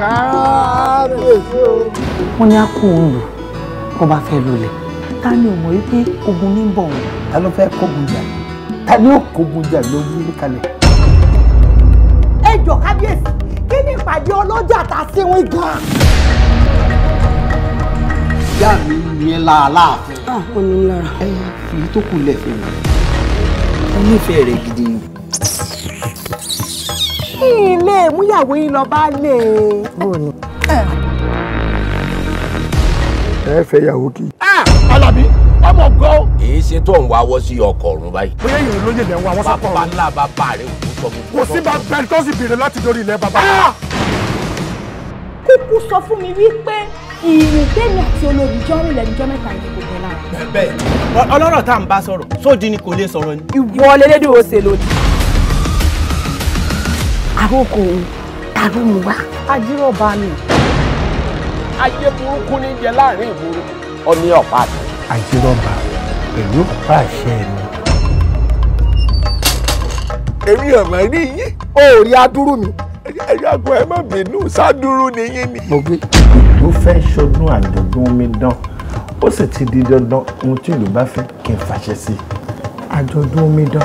kábíyèsí o. wọ́n ní á kó òun lù kó bá fẹ́ lulẹ̀ ta ni ò mọ̀ wípé ogun ní bọ̀ wọ́n. ta ló fẹ́ kógun jà ta ni ó kógun jà ló wúlé kalẹ̀. ẹ jọ kábíyèsí kí ni ìpàdé ọlọ́jà ta wọn gan. ìyá mi ní láàláàfin. ah wọn ní lára. ẹ fi tó kù fún mi. mo nífẹ̀ẹ́ rẹ gidi kí n lè múyàwó yín lọ bá lè. ẹ fẹ́ yàwó kí. alábí ọmọ gan. èyí ṣe tó ń wá wọ́ sí ọkọ̀ ọ̀run báyìí. bóyá ìrìn lóye lẹ̀ ń wá wọ́n sọ́kọ̀ ọ̀run. bàbá ńlá bàbá rẹ̀ ò sọ fún mi. kò sí bàbá tó sì bèrè láti dórí ilẹ̀ bàbá. kúkú sọ fún mi wípé ìrìn tèmi àti olórí jọ́rìn lẹ́nu jọ́ mẹ́ta yìí kò bẹ̀ lára. bẹ́ẹ̀ ọlọ́rọ̀ tá à ń bá sọ̀rọ̀ sódì ni kò lè sọ̀rọ̀ ni. ìwọ lélẹ́dẹ̀ ó ṣe lòdì àròkò tàbí mu wá. ajíròba ni ayé burúkú ní jẹ láàrin ìgboro ọní ọ̀pá àti. ajíròba pẹ̀lú ọ̀pá àṣẹ mi. èmi ọ̀mọ̀ rí yín ó rí adúrú mi ẹ̀yà kò ẹ má bínú sádúrú ni yín ni. mo gbé ìlú fẹ́ ṣọdún àjọ̀dún mi dán ó sì ti di dandan ohun tí ìlú bá fẹ́ kí n sí i àjọ̀dún omidan.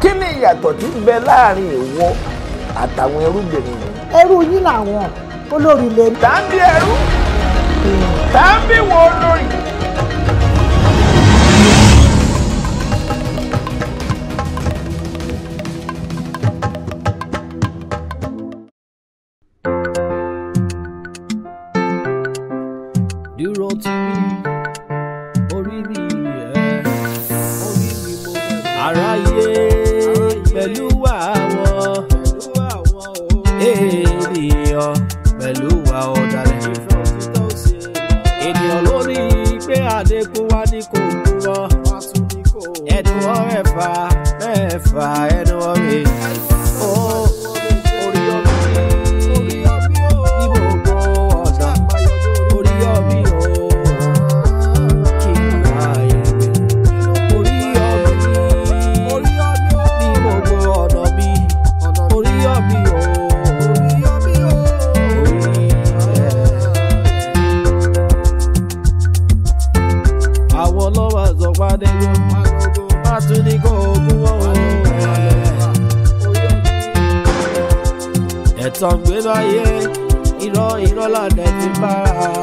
kí ni ìyàtọ̀ tí ń bẹ láàrin ìwọ àtàwọn ẹrúgbìn mi. ẹrú yín làwọn olórí lè. tàbí ẹrú tàbí wo olórí. dúró tí pẹ̀lú àwọn ènìyàn pẹ̀lú wa ọ̀dàlẹ̀. ènìyàn lórí pé àdékù wá ní kò kúrọ̀ ẹnu ọ̀rẹ́fà mẹ́fà ẹnu ọ̀rẹ́. wáyé irọ́ irọ́ làdẹ̀ ti bára.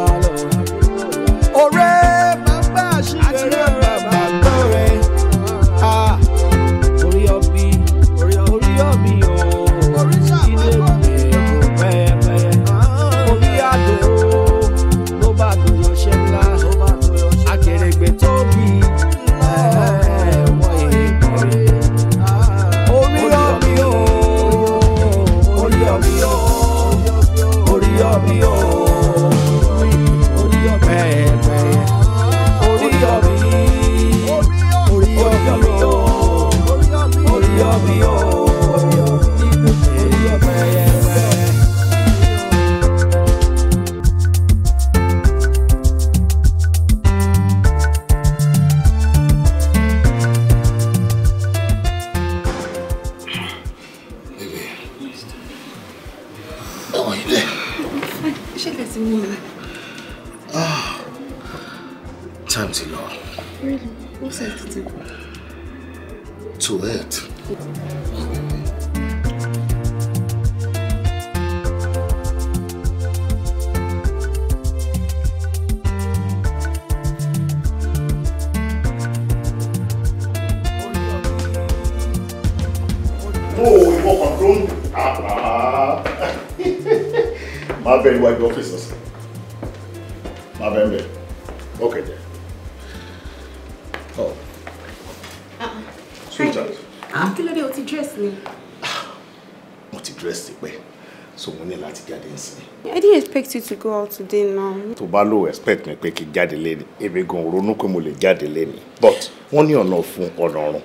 go out today now. tó bá lò expect mi pé kí n jáde lẹ́nu èmi gan ronú pé mo lè jáde lẹ́nu but wọ́n ní ọ̀nà fún ọ̀nà ọ̀run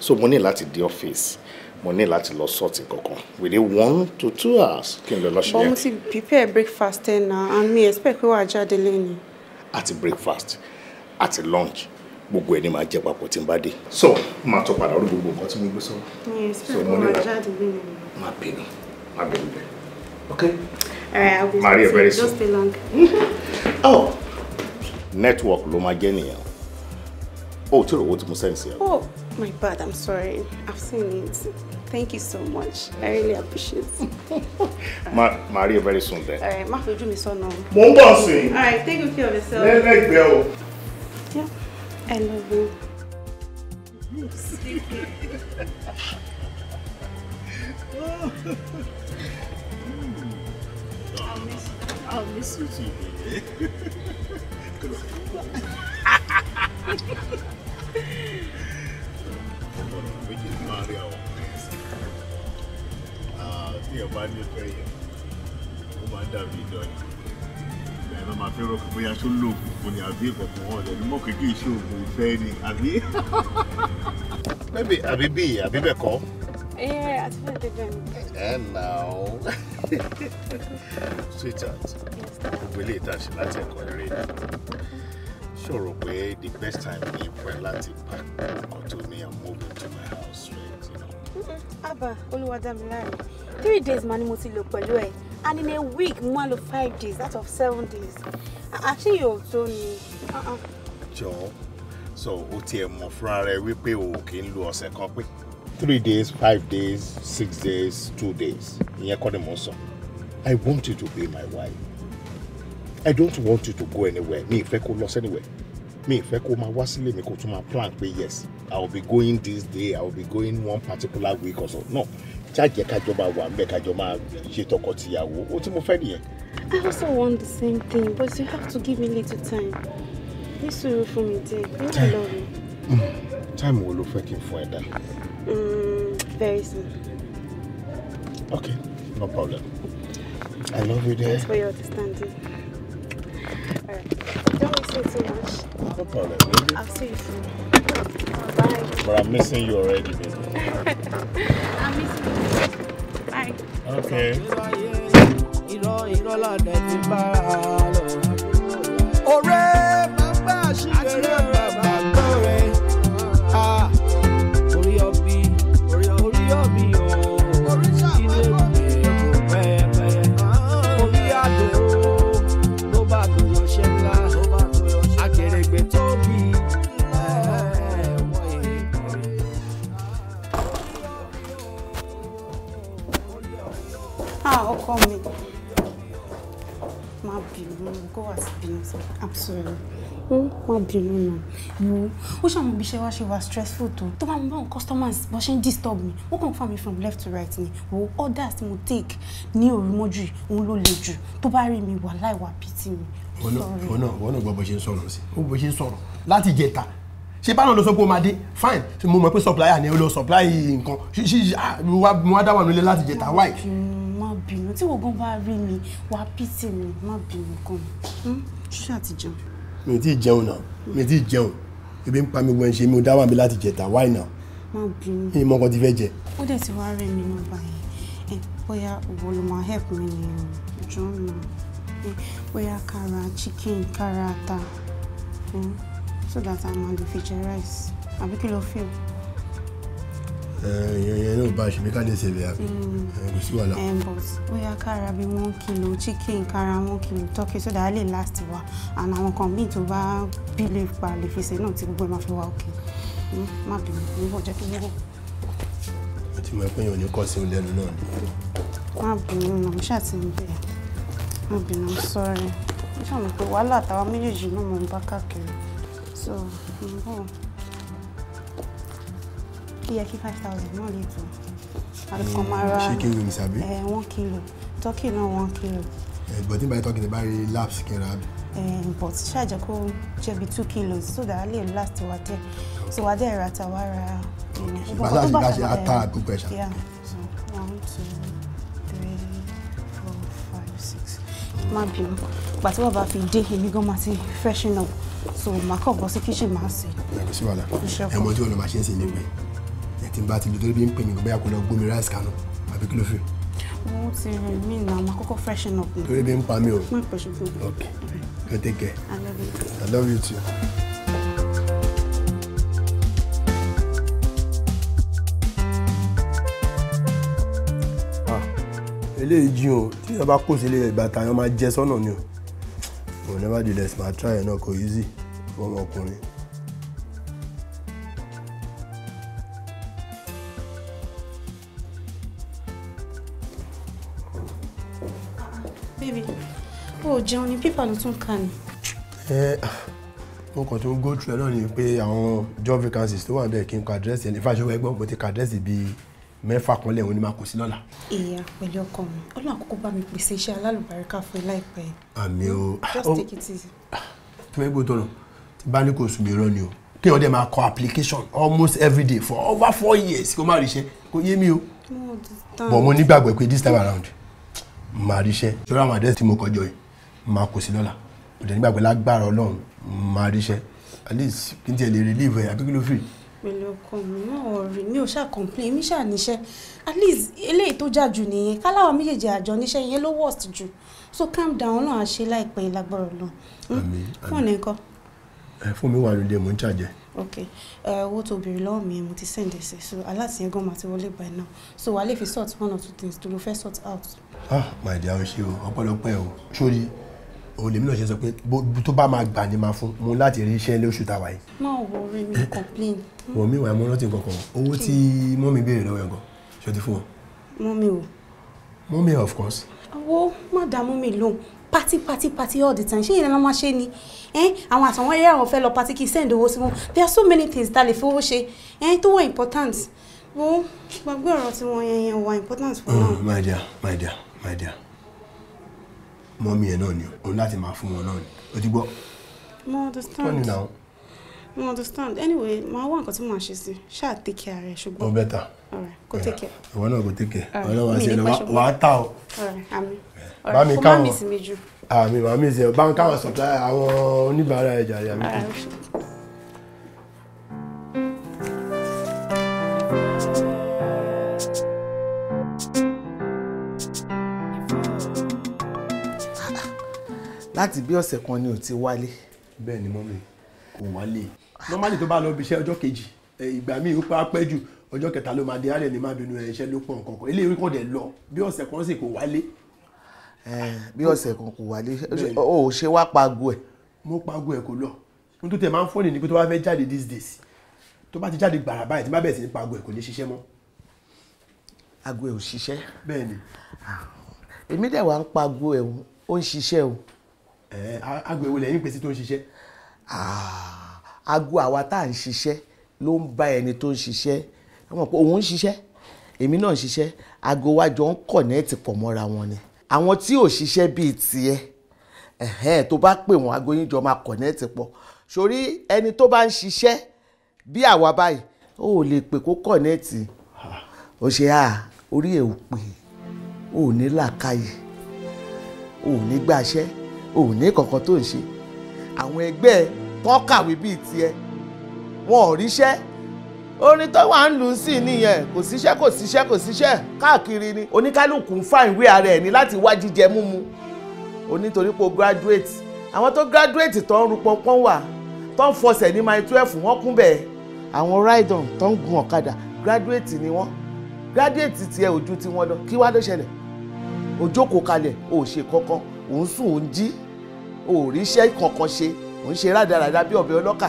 so mo ní láti dé ọ́fíìsì mo ní láti lọ sọ́ọ̀tì kankan within one to two hours kí n lọ lọ́ṣọ́ yẹn. but mo ti prepare breakfast ten na and me expect pé wàá jáde lẹ́nu. àti breakfast àti lunch gbogbo ẹni máa jẹ papọ̀ tí n bá dé. so máa tọ padà orí gbogbo nǹkan tí mo gbé sọ. mi expect pé wàá jáde lẹ́nu. má bínú má bínú bẹ́ẹ̀ ok. Maria very soon. Don't long. oh, network ló máa jẹ́ Oh, tí owó tí mo sẹ́yìn Oh, my bad, I'm sorry. I've seen it. Thank you so much. I really appreciate it. Ma Maria very soon then. Alright, má fojú mi sọ́nà. Mo ń bọ̀ sí. Alright, take good care of yourself. Let Lẹ́lẹ́gbẹ̀ẹ́ o. Yeah, I love you. Oh. あ無筋で黒は tí ẹ bá ní fẹ́ yẹ ó máa ń dàbí ìdọ́ni ìgbà náà máa fẹ́ rọ́ọ̀kì bóyá tó lóògùn fún ni àbí ìkọ̀kọ̀ wọn ọ̀dẹ̀ ni mọ̀ Maybe iṣẹ́ oògùn ìfẹ́ ni àbí. àbí bíi àbí bẹ́ẹ̀ kọ́. Yeah, I told the gym. And now, sweetheart, gbogbo ilé ìta ṣe láti ẹ̀kọ́ eré ṣòro pé the best time ni fún ẹ láti pa ọkọ̀ tó ní I'm moving to my house right now. Abba Olúwadámiláre three days ma ni mo ti lò and in a week mo máa five days out of seven days actually you tó ni. jọ uh uh-uh. o tiẹ̀ mọ̀ fúnra rẹ wípé o kì í lo ọ̀sẹ̀ three days five days six days two days ìyẹn kọ́ ni i want you to be my wife i don't want you to go anywhere mi ìfẹ́ kó lọ sẹ́niwẹ̀ mi ìfẹ́ kó máa wá sílé mi kó to my plan pé yes i will be going this day i will be going one particular week or so no charge kájọ máa wà nbẹ kájọ máa ṣe tọkọtìyàwó ó tí i also want the same thing but you have to give me little time ní sùúrù fún mi díẹ̀ you know i love you. time will ló for kí n fún Mm, very soon. Okay, no problem. I love you dear. Thanks for your understanding. Alright, don't waste it too much. No problem, baby. I'll see you soon. bye. But I'm missing you already, baby. I'm missing you. Bye. Okay. Ọ̀rẹ́! bá ṣe wà stressful too. tó bá mo customers bó ṣe ń disturb mi ó kàn fà from left to right me? Who orders tí mo take new òru Unlo òun ló bury me. tó lie? rí mi me? Oh no! Oh no! Oh no! wọn náà sorrow? bó ṣe ń sọ̀rọ̀ sí ó bó ṣe ń sọ̀rọ̀ láti jẹta fine She mọ̀ pé supplier and o lọ supply nǹkan she ah, mo wá dá wà nílé láti jẹta wáì. má bínú tí wọ́n gan bá rí mi wà pìtì mi má bínú kan hmm? ṣíṣe àtijọ́. mi ò tí ì jẹun náà mi ò tí ì jẹun ebi ń pa mi wọ́n ṣe mi ò dá wà mí láti jẹ̀ta why now má bínú ìmọ̀ kan ti fẹ́ jẹ. ó dẹ̀ ti wá rẹ̀ mí ní báyìí bóyá òwò ló máa help mi ní ìjọ náà bóyá kára chicken kára ata hmm. so that i ma lè fi jẹ rice àbí kí ló fẹ́ o èèyàn yẹn náà bá ṣe bí ká lè ṣe bí àbí mm. eh, kò sí wàhálà. Eh, but ó kára bí one kilo chicken kára one kilo turkey so that á last wa and àwọn kan míì tó bá bí lè pa lè fi ṣe náà tí gbogbo ẹ̀ máa fi wá òkè hmm, má bínú níbo jẹ́ kí wọ́n. àti mọ̀ pé èèyàn ò ní kọ́ sí lẹ́nu náà ni. má bínú nà mo ṣáà ti ń bẹ̀ má bínú sọ́ọ̀rì mo ṣàmùpé wàhálà àtàwọn méjèèjì náà mo ń bá káàkiri so n bọ̀ ó yẹ kí five thousand náà lè tó hmm, alùpùpù máa ra kilo ní sàbí. ẹ eh, one kilo turkey náà one kilo. ẹ eh, bọ̀ tí n bá yẹ turkey ní bá laps kẹra. Eh, but ṣáàjẹ́ kó jẹ́ bí two kilos so that lè last wa dẹ̀ so wa dẹ̀ ra ta wa ra. ìbáṣà ti bá ṣe ata àdúgbò ẹ̀ṣà. yeah so one two three four five six má bínú ìgbà tí wọ́n bá fi dé èmi gan máa ti freshen up so màá kọ̀ bọ́ sí kitchen máa sè. ẹ kò sí wàhálà ẹ mọ tí wọn lọ máa ṣe é sí ilé ìwé tí n bá ti lò torí bí n pè mí bóyá kò lọ gbómi rice kanu àbí kí ló fi. mo ti rìn mí nà máa kọ́kọ́ freshen up. torí bí n pa mí o. mo ń pèsè fún mi. ok go take care. i love you. i love you too. Ah, eléyìí jí o tí yẹn bá kó sí ilé ìbátan yẹn máa jẹ sọ́nà ni o. nevertheless màá try ẹ̀ náà kò easy fún ọmọkùnrin. o jẹun ni pípà ló tún kà ní. ẹ mo kàn tún go through ẹ náà ni pé àwọn job vacancies tó wà níbẹ̀ kí n kọ àdírẹ́sì ẹni fàṣọwọ́ ẹgbẹ́ òpótí kọ àdírẹ́sì bíi mẹ́fà kan lẹ́hìn ni máa kó sí lọ́la. ìyá pẹ̀lú ọkọ mi ọlọ́run àkókò bá mi pèsè iṣẹ́ alálùbáríkà fún ẹ láìpẹ́. àmì o just oh. take it easy. tí wọ́n gbé tọ̀nà tí bá ní kò sùn mí rán ni o kí wọ́n dẹ̀ máa kọ application almost every day for over four years kó má rí iṣẹ́ kó yé mi o. bọ̀ mo nígbàgbọ́ pé this time around màá rí iṣẹ́ ṣọ́ra àwọn àdẹ́sì tí mo kọjọ yìí máa kò sí lọ́la kò dẹ̀ nígbàgbé lágbára ọlọ́run máa ríṣẹ́ at least kí n tiẹ̀ lè relieve ẹ̀ àbí kí ló fìrì. pẹ̀lú ọkọ mi náà ọ̀rẹ́ mi ò ṣáà complain mi ṣáà níṣẹ́ at least eléyìí tó já jù nìyẹn káláwa méjèèjì àjọ níṣẹ́ yẹn ló worst jù so calm down náà a ṣe láìpẹ́ lágbára ọlọ́run hmm? fún ẹ̀ ńkọ́. fún mi wà lóde mò ń ṣàjẹ́ ok owó tó béèrè lọ́wọ́ mi mo ti send ẹ̀ so alátìyẹn gan ma ti wọlé by now so wàá lè fi sort one or two things to ló fẹ́ sort out. ah my dear o ṣe o ọpẹ́lọpẹ́ o sórí òun lèmi náà ṣe sọ pé tó bá máa gbà ni máa fún mo láti rí iṣẹ́ lóṣù tàwa yìí. má wọ orí mi complain. wọ́n mi wà mo rántí kankan owó tí mọ́mí béèrè lọ́wọ́ ẹ̀gàn ṣe ti fún wọn. mọ́mí o. mọ́mí of course. owó má dá mọ́mí lóhùn pati pati pati all the time ṣé ìrìnà máa ṣe ni àwọn àtàwọn eré àwọn fẹ́ lọ pati kì í send owó sí wọn there are so many things that a lè fowó ṣe tó wọ important wo gbàgbé ọ̀rọ̀ tí wọ́n yẹn yẹn wà important for mm, now. my dear my dear my dear mọ́mí ẹ̀ náà ni òun láti máa fún wọn náà ni o ti gbọ́. mo understand wọ́n ní náà. mo understand anyway màá wá nǹkan tí màá ṣe sí ṣáà take care rẹ ṣùgbọ́n. ó bẹ́tà kò take care. ìwọ náà kò take care ìwọ náà wà á ṣe ẹni wà á tà o. bá mi káwọn àmì màmí ìsìn bá mi káwọn supply àwọn oníbàárà ẹja ìyá mi kù. thank láti bí ọ̀sẹ̀ kan ni ò ti wálé. bẹ́ẹ̀ ni mọ́mí kò wálé ah. normally tó bá lọ bí iṣẹ́ ọjọ́ kejì ìgbà míì ó pa pẹ́ jù ọjọ́ kẹta ló máa di alẹ́ ní máa dunú ẹ̀ iṣẹ́ ló pọ̀ nǹkan kan eléyìí kò dẹ̀ lọ bí ọ̀sẹ̀ kan sì kò wálé. bí ọ̀sẹ̀ kan kò wálé o ò ṣe wá pago ẹ̀. mo pago ẹ̀ kò lọ n tó tẹ̀ máa ń fọ́ọ̀nì ní pé tó bá fẹ́ jáde these days tó bá ti jáde gbàrà báyìí tí bá bẹ̀rẹ̀ sí ní pago ẹ̀ kò ní ṣiṣẹ́ mọ́. ago ẹ̀ ò ṣiṣẹ́. bẹ́ẹ̀ ah. èmi dẹ̀ wá ń pago ẹ̀ o ń ṣiṣẹ́ o agbèwò lẹ́yìn pèsè tó ń ṣiṣẹ́. aago ah, àwa tá à ń ṣiṣẹ́ ló ń bá ẹni tó ń ṣiṣẹ́ ọmọ pé òun ń ṣiṣẹ́ èmi náà ń ṣiṣẹ́ aago wa jọ ń kọ̀nẹ́ẹ̀tì pọ̀ mọ́ra wọn ni àwọn tí ò ṣiṣẹ́ bíi tiẹ̀ ẹ̀hẹ́n tó bá pè wọ́n aago yín jọ máa kọ̀nẹ́ẹ̀tì pọ̀ sórí ẹni tó bá ń ṣiṣẹ́ bí àwa báyìí ó lè pè kó kọ̀nẹ́ẹ̀tì ó ṣe à orí ẹ̀ pè ó ní làákàyè ó ní gbàṣẹ́ ò ní kankan tó ń ṣe àwọn ẹgbẹ́ tó kàwé bíi tiẹ̀ wọn ò ríṣẹ́ orin tó wà ń lù ú sí nìyẹn kò síṣẹ́ kò síṣẹ́ kò síṣẹ́ káàkiri ni oníkálukú ń fà ìwé ara ẹ̀ ní láti wá jíjẹ múmu onítorí pé o graduate àwọn tó graduate tó ń ru pọnpọ́n wà tó ń fọsẹ̀ ní mile twelve wọ́n kún bẹ́ẹ̀ àwọn ride-on tó ń gun ọ̀kadà graduate ni wọ́n graduate tiẹ̀ ojú tiwọn lọ kí wá ló ṣẹlẹ̀ o jókòó kalẹ̀ o kankan òun sùn òun jí òòríṣẹ́ kankan ṣe òun ṣe rádaràda bí ọ̀bẹ ọlọ́kà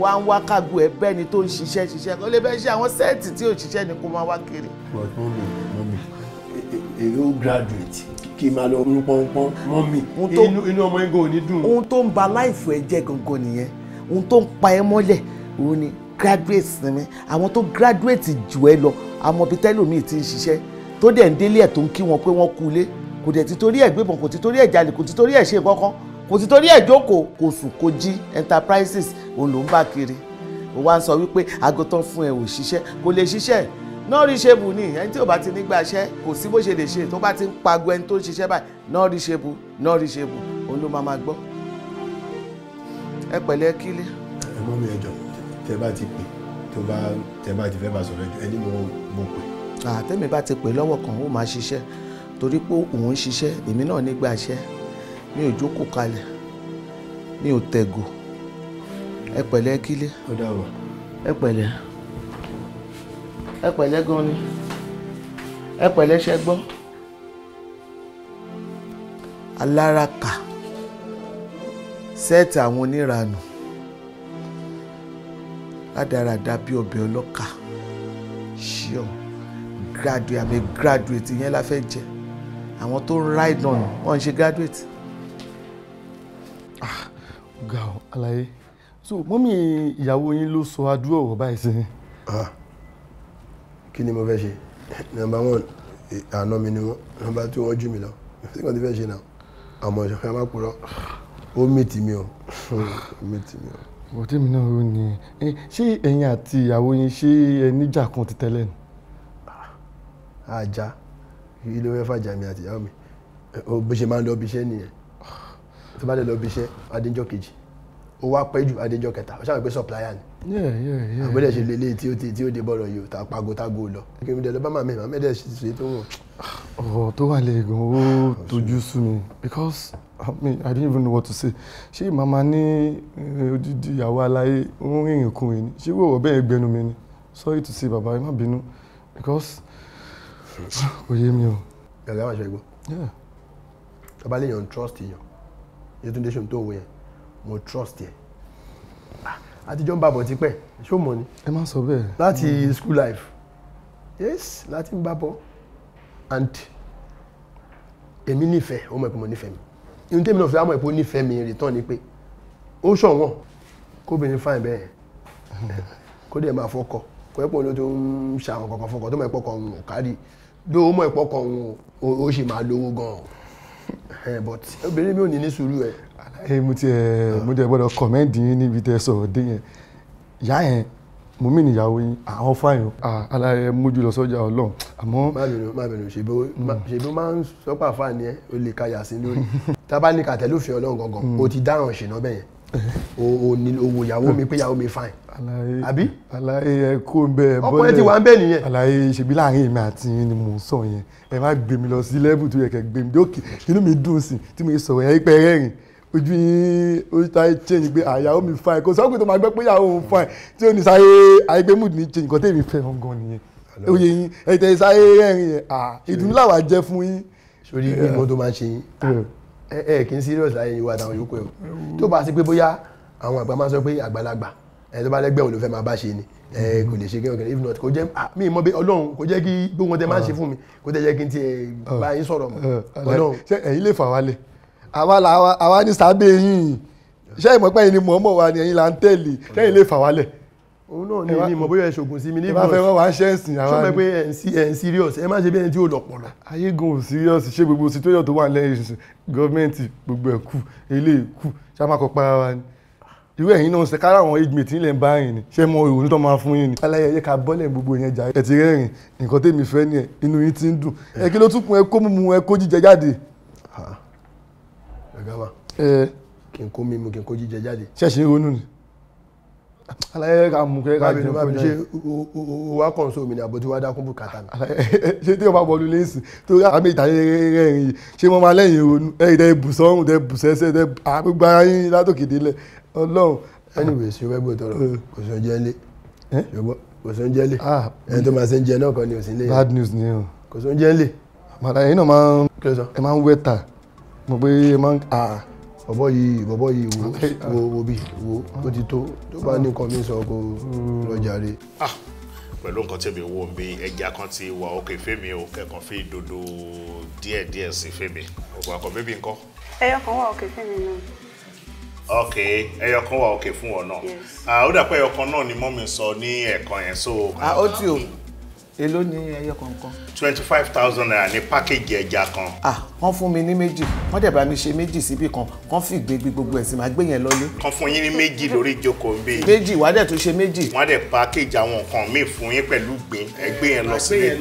wá ń wá kágo ẹ bẹ́ẹ̀ ni tó ń ṣiṣẹ́ ṣiṣẹ́ kó lè bẹ́ẹ̀ ṣe àwọn sẹ́ẹ̀tì tí ò ṣiṣẹ́ ni kó máa wá kiri. èrè ó graduate kí n máa lọ orun pọ́npọ́n mọ́mì inú ọmọ ẹgbẹ́ ò ní dùn. ohun tó ń ba láìfò ẹ jẹ́ gangan nìyẹn ohun tó ń pa ẹ mọ́lẹ̀ òun ni graduate sinmi àwọn tó graduate jù ẹ lọ àmọ́ bíi tẹ́lómi ti ń ṣiṣẹ́ tó dẹ̀ ń délé ẹ̀ tó ń kí wọn pé wọ́n kú ilé kò dẹ̀ ti torí ẹ̀ gbébọn kò ti torí ẹ̀ jalè kò ti torí ẹ̀ ṣe kankan kò ti torí ẹ̀ jókòó kò sùn kò jí enterprises òun ló ń bá kiri ó wá ń sọ wípé aago tán fún ẹ ò ṣiṣẹ́ kò lè ṣiṣẹ́ náà rí ṣebù ni ẹni tí ò bá ti nígbà ṣẹ́ kò sí bó ṣe lè ṣe tó bá ti ń pago ẹni tó ń ṣiṣẹ́ báyìí náà ṣebù náà ṣebù òun ló máa gbọ́ ẹ pẹ̀lẹ́ kílé. ẹ mọ mi ẹjọ́ tẹ bá ti pè tó bá tẹ bá ti fẹ́ bá sọ̀rọ̀ ẹjọ́ ẹni mo mo pè. àtẹ̀mí bá ti pè lọ́wọ́ kan ó máa ṣiṣẹ́ torí pé òun ń ṣiṣẹ́ èmi náà nígbà iṣẹ́ mi ò jókòó kalẹ̀ mi ò tẹ̀gò ẹ pẹ̀lẹ́ kílé ẹ pẹ̀lẹ́ ẹ pẹ̀lẹ́ gan ni ẹ pẹ̀lẹ́ ṣẹ́ gbọ́ aláràkà sẹ́ẹ̀tì àwọn oníranù ládàradà bí ọbẹ̀ ọlọ́kà ṣíọ graduate àmì graduate yẹn la fẹ́ jẹ́ àwọn tó ń ride on wọn ń ṣe graduate. Ah, ọ̀gá ọ̀ àlàyé so mọ́mí ìyàwó yín ló sọ adúrò ọ̀rọ̀ báyìí sí. Ah, kí ni mo fẹ́ ṣe number one àná mi ni wọ́n number two wọ́n jù mí lọ ṣé kò tí fẹ́ ṣe náà àmọ́ ìṣọ̀kan má purọ́ ó mìtì mi o ó mìtì mi o. bọ̀dé mi náà ó ní eh, ṣé ẹ̀yin àti ìyàwó yín ṣé ẹ níjà kan ti tẹ́lẹ̀ ni. àjà. Ah, kí ló fẹ́ àti ìyàwó mi bó ṣe máa ń lọ bí iṣẹ́ nìyẹn tó bá lè lọ bí iṣẹ́ adéjọ́ kejì ó wá pẹ́ jù adéjọ́ kẹta ó ṣàwọn pé supplier ni àbúlẹ̀ ṣe lélẹ̀ tí ó ti tí ó dé bọ̀rọ̀ yìí ta pago tago lọ kí n lọ bá màmí màmí dẹ̀ ṣe tó wọ̀n. ọ̀rọ̀ tó wà lè gan ó tojú sú mi because I mean I didn't even know what to say ṣé màmá ní eh, odidi ìyàwó aláyé ń rìnrìn kùnrin ni ṣé wọ́n wọ̀ bẹ́ẹ̀ gbẹnu mi ni sorry to say baba ẹ má bínú because kò yé mi o. ẹ̀rọ àwọn aṣọ ìgbọ́ tọ́ba lè yàn trust yàn Yétúndé ṣòun tó wò yẹn mo trust yẹn àtijọ́ ah, ń bàbọ̀ tipẹ́ ṣó mọ̀ ni. ẹ má sọ bẹ́ẹ̀. láti school life yes láti ń bàbọ̀ and èmi nífẹ̀ẹ́ ó mọ̀ pé mo nífẹ̀ẹ́ mi irun tèmi náà fi àmọ̀ ìpò nífẹ̀ẹ́ mi return ni pé ó ṣọ̀wọ́n kóbìnrin fáìn bẹ́ẹ̀ kó dẹ̀ máa fọkọ̀ kó ẹ̀ pọ̀ ló tó ń ṣàwọn kọ̀ọ̀kan fọkọ̀ tó máa pọ̀ kọ̀ ọ̀hún ò bí owó mọ̀ ìpọ́kọ̀ òun ó ṣì máa lówó gan-an but obìnrin mi ò ní ní sùúrù ẹ̀. aláyé mo ti ẹ mo ti ẹ gbọ́dọ̀ kọmẹǹdì yín níbi tẹ sọ̀rọ̀ dé yẹn ìyá yẹn mo mí níyàwó yín àwọn fáyọ aláyé mójú lọ sọ́jà Ọlọ́run àmọ́. má bẹ̀rù má bẹ̀rù ṣèbí mm. máa ń sọ́pà fáàní ẹ̀ ó lè ka yà sí lórí tábà ní kàtẹ́lófin Ọlọ́run gangan ó ti dáràn ṣìnà bẹ́yẹn o ní owó ìyàwó mi pé ìyàwó mi fine. àlàyé àbí. àlàyé ẹ kó ń bẹ ẹ bọ́lẹ̀ ọkọ ẹ ti wà ń bẹ nìyẹn. àlàyé ṣèbí láàrin èmi àti yín ni mò ń sọ yẹn ẹ má gbé mi lọ sí level tó yẹ kẹ́ gbé mi dókè inú mi dùn sí tí mo sọ̀rọ̀ yẹn pé rẹ́rìn ojú ojú táyé change pé àyàwó mi fine kò sọ́kùn tó máa gbẹ́ pé ìyàwó mi fine tí ò ní sáyé àyẹ̀gbẹ́mùd ni change nǹkan tẹ̀mí fẹ́ gan nìyẹn oyè yín ẹ̀tẹ̀ sáyé rẹ́rìn yẹn ìdùnnú làwà jẹ́ fún yín. sori gbígbọ́ tó máa ń ṣe yín ẹ ẹ kì í serious láyé yìí wá àtàwọn yòókù ẹ o tó bá sí pé bóyá àwọn àgbà máa sọ pé àgbàlagbà ẹ tó bá lẹ́gbẹ́ òun ló fẹ́ máa bá ṣe ni ẹ kò lè ṣe kí ọkàn if not kò jẹ́ mi mọ̀ bí ọlọ́run kò jẹ́ kí gbogbo tẹ máa ṣe fún mi kò tẹ jẹ́ kí n tiẹ̀ bá yín sọ̀rọ̀ mọ́ ọlọ́run. ṣé ẹ̀yin lè fà wá lẹ̀ àwa làwa àwa ní sábẹ́ yín ṣé ìmọ̀pẹ́ yìí ni mọ̀ọ́mọ̀ wa ni ẹ̀yin là ń tẹ̀lé ṣé ẹ̀yin lè fà wá lẹ̀ òun náà ní ní mọ̀ bóyá ẹ̀ṣògùn sí mi ní ìbọn ìbáfẹ́ wà á ṣe ẹ̀sìn àwọn ṣọ́pẹ́ pé ẹ̀ ń serious ẹ má ṣe bí ẹni tí ó lọ pọ̀lá. ayégun ò serious ṣé gbogbo situation tó wà lẹ́yìn gọ́ọ̀mẹ̀ntì gbogbo ẹ̀ kù ilé kù ṣá má kọ para wa ni. irú ẹ̀yin náà ṣe kára àwọn age-mate nílẹ̀ ń bá yìí ni ṣé mo ìròyìn tó máa fún yín ni. aláyẹ ẹ̀yẹ ká bọ́lẹ̀ gbogbo yẹn jà ẹ̀ ti rẹ́rìn nǹkan tèmi fẹ́ ni ẹ̀ inú yín ti ń dùn ẹ kí ló tún kun ẹ kó mímu ẹ kó jíjẹ jáde. ẹ kí n kó mímu kí n kó jíjẹ jáde. ṣẹ́ẹ̀ṣì ń ronú ni alaye ka mun kẹ e ka jẹun fún mi. o wa kọnso mi ni abo ti wa dákún bùkátà mi. ṣé tí o bá bọlu lẹ́sìn tó yà á mi ìtàyè rẹ̀rìn yìí ṣé mo máa lẹ́yìn ronú ẹ̀yìn tẹ́ bù sọ́run tẹ́ bù sẹ́sẹ́ àgbégbá yín látòkè délẹ̀ ọlọ́run. anyway ṣe o fẹ́ gbọ́ tọrọ kò sọ jẹ́ lé kò sọ jẹ́ lé ẹni tó máa ṣe ń jẹ náà kan ni ò sí lé. bad news ni o. kò sọ jẹ́ lé. màdà yín náà máa ń wẹ́ta mo pé máa ń bọ̀bọ̀ yìí bọ̀bọ̀ yìí wo wo wo bí wo ó ti tó tó bá ní nǹkan mi sọ kó lọ jàre. Ah, pẹ̀lú nǹkan tí mi wò ń bí ẹja kan ti wà òkè fèmí o kẹ̀kan fi dodo díẹ̀díẹ̀ sí fèmí òkú akọ bébí nǹkan. ẹyọ kan wà òkè fèmí náà ok ẹyọ kan wà òkè fún ọ náà ah, ó dà pé ẹyọ kan náà ni mọ́mí sọ ní ẹ̀kan yẹn so. Ah, ó ti o. Okay. Mm èló ni ẹyọ kọ̀ọ̀kan. twenty five thousand naira ní package ẹja kan. ah wọ́n fún mi ní méjì wọ́n dẹ̀ bá mi ṣe méjì síbì kan wọ́n fi gbégbé gbogbo ẹ̀sìn máa gbé yẹn lọ́lé. kan fún yín ní méjì lórí ìjókòó ń bẹ̀. méjì wàá dẹ̀ tún ṣe méjì. wọ́n á dẹ̀ pákéjì àwọn nǹkan míì fún yín pẹ̀lú gbé ẹgbẹ́ yẹn lọ sílé.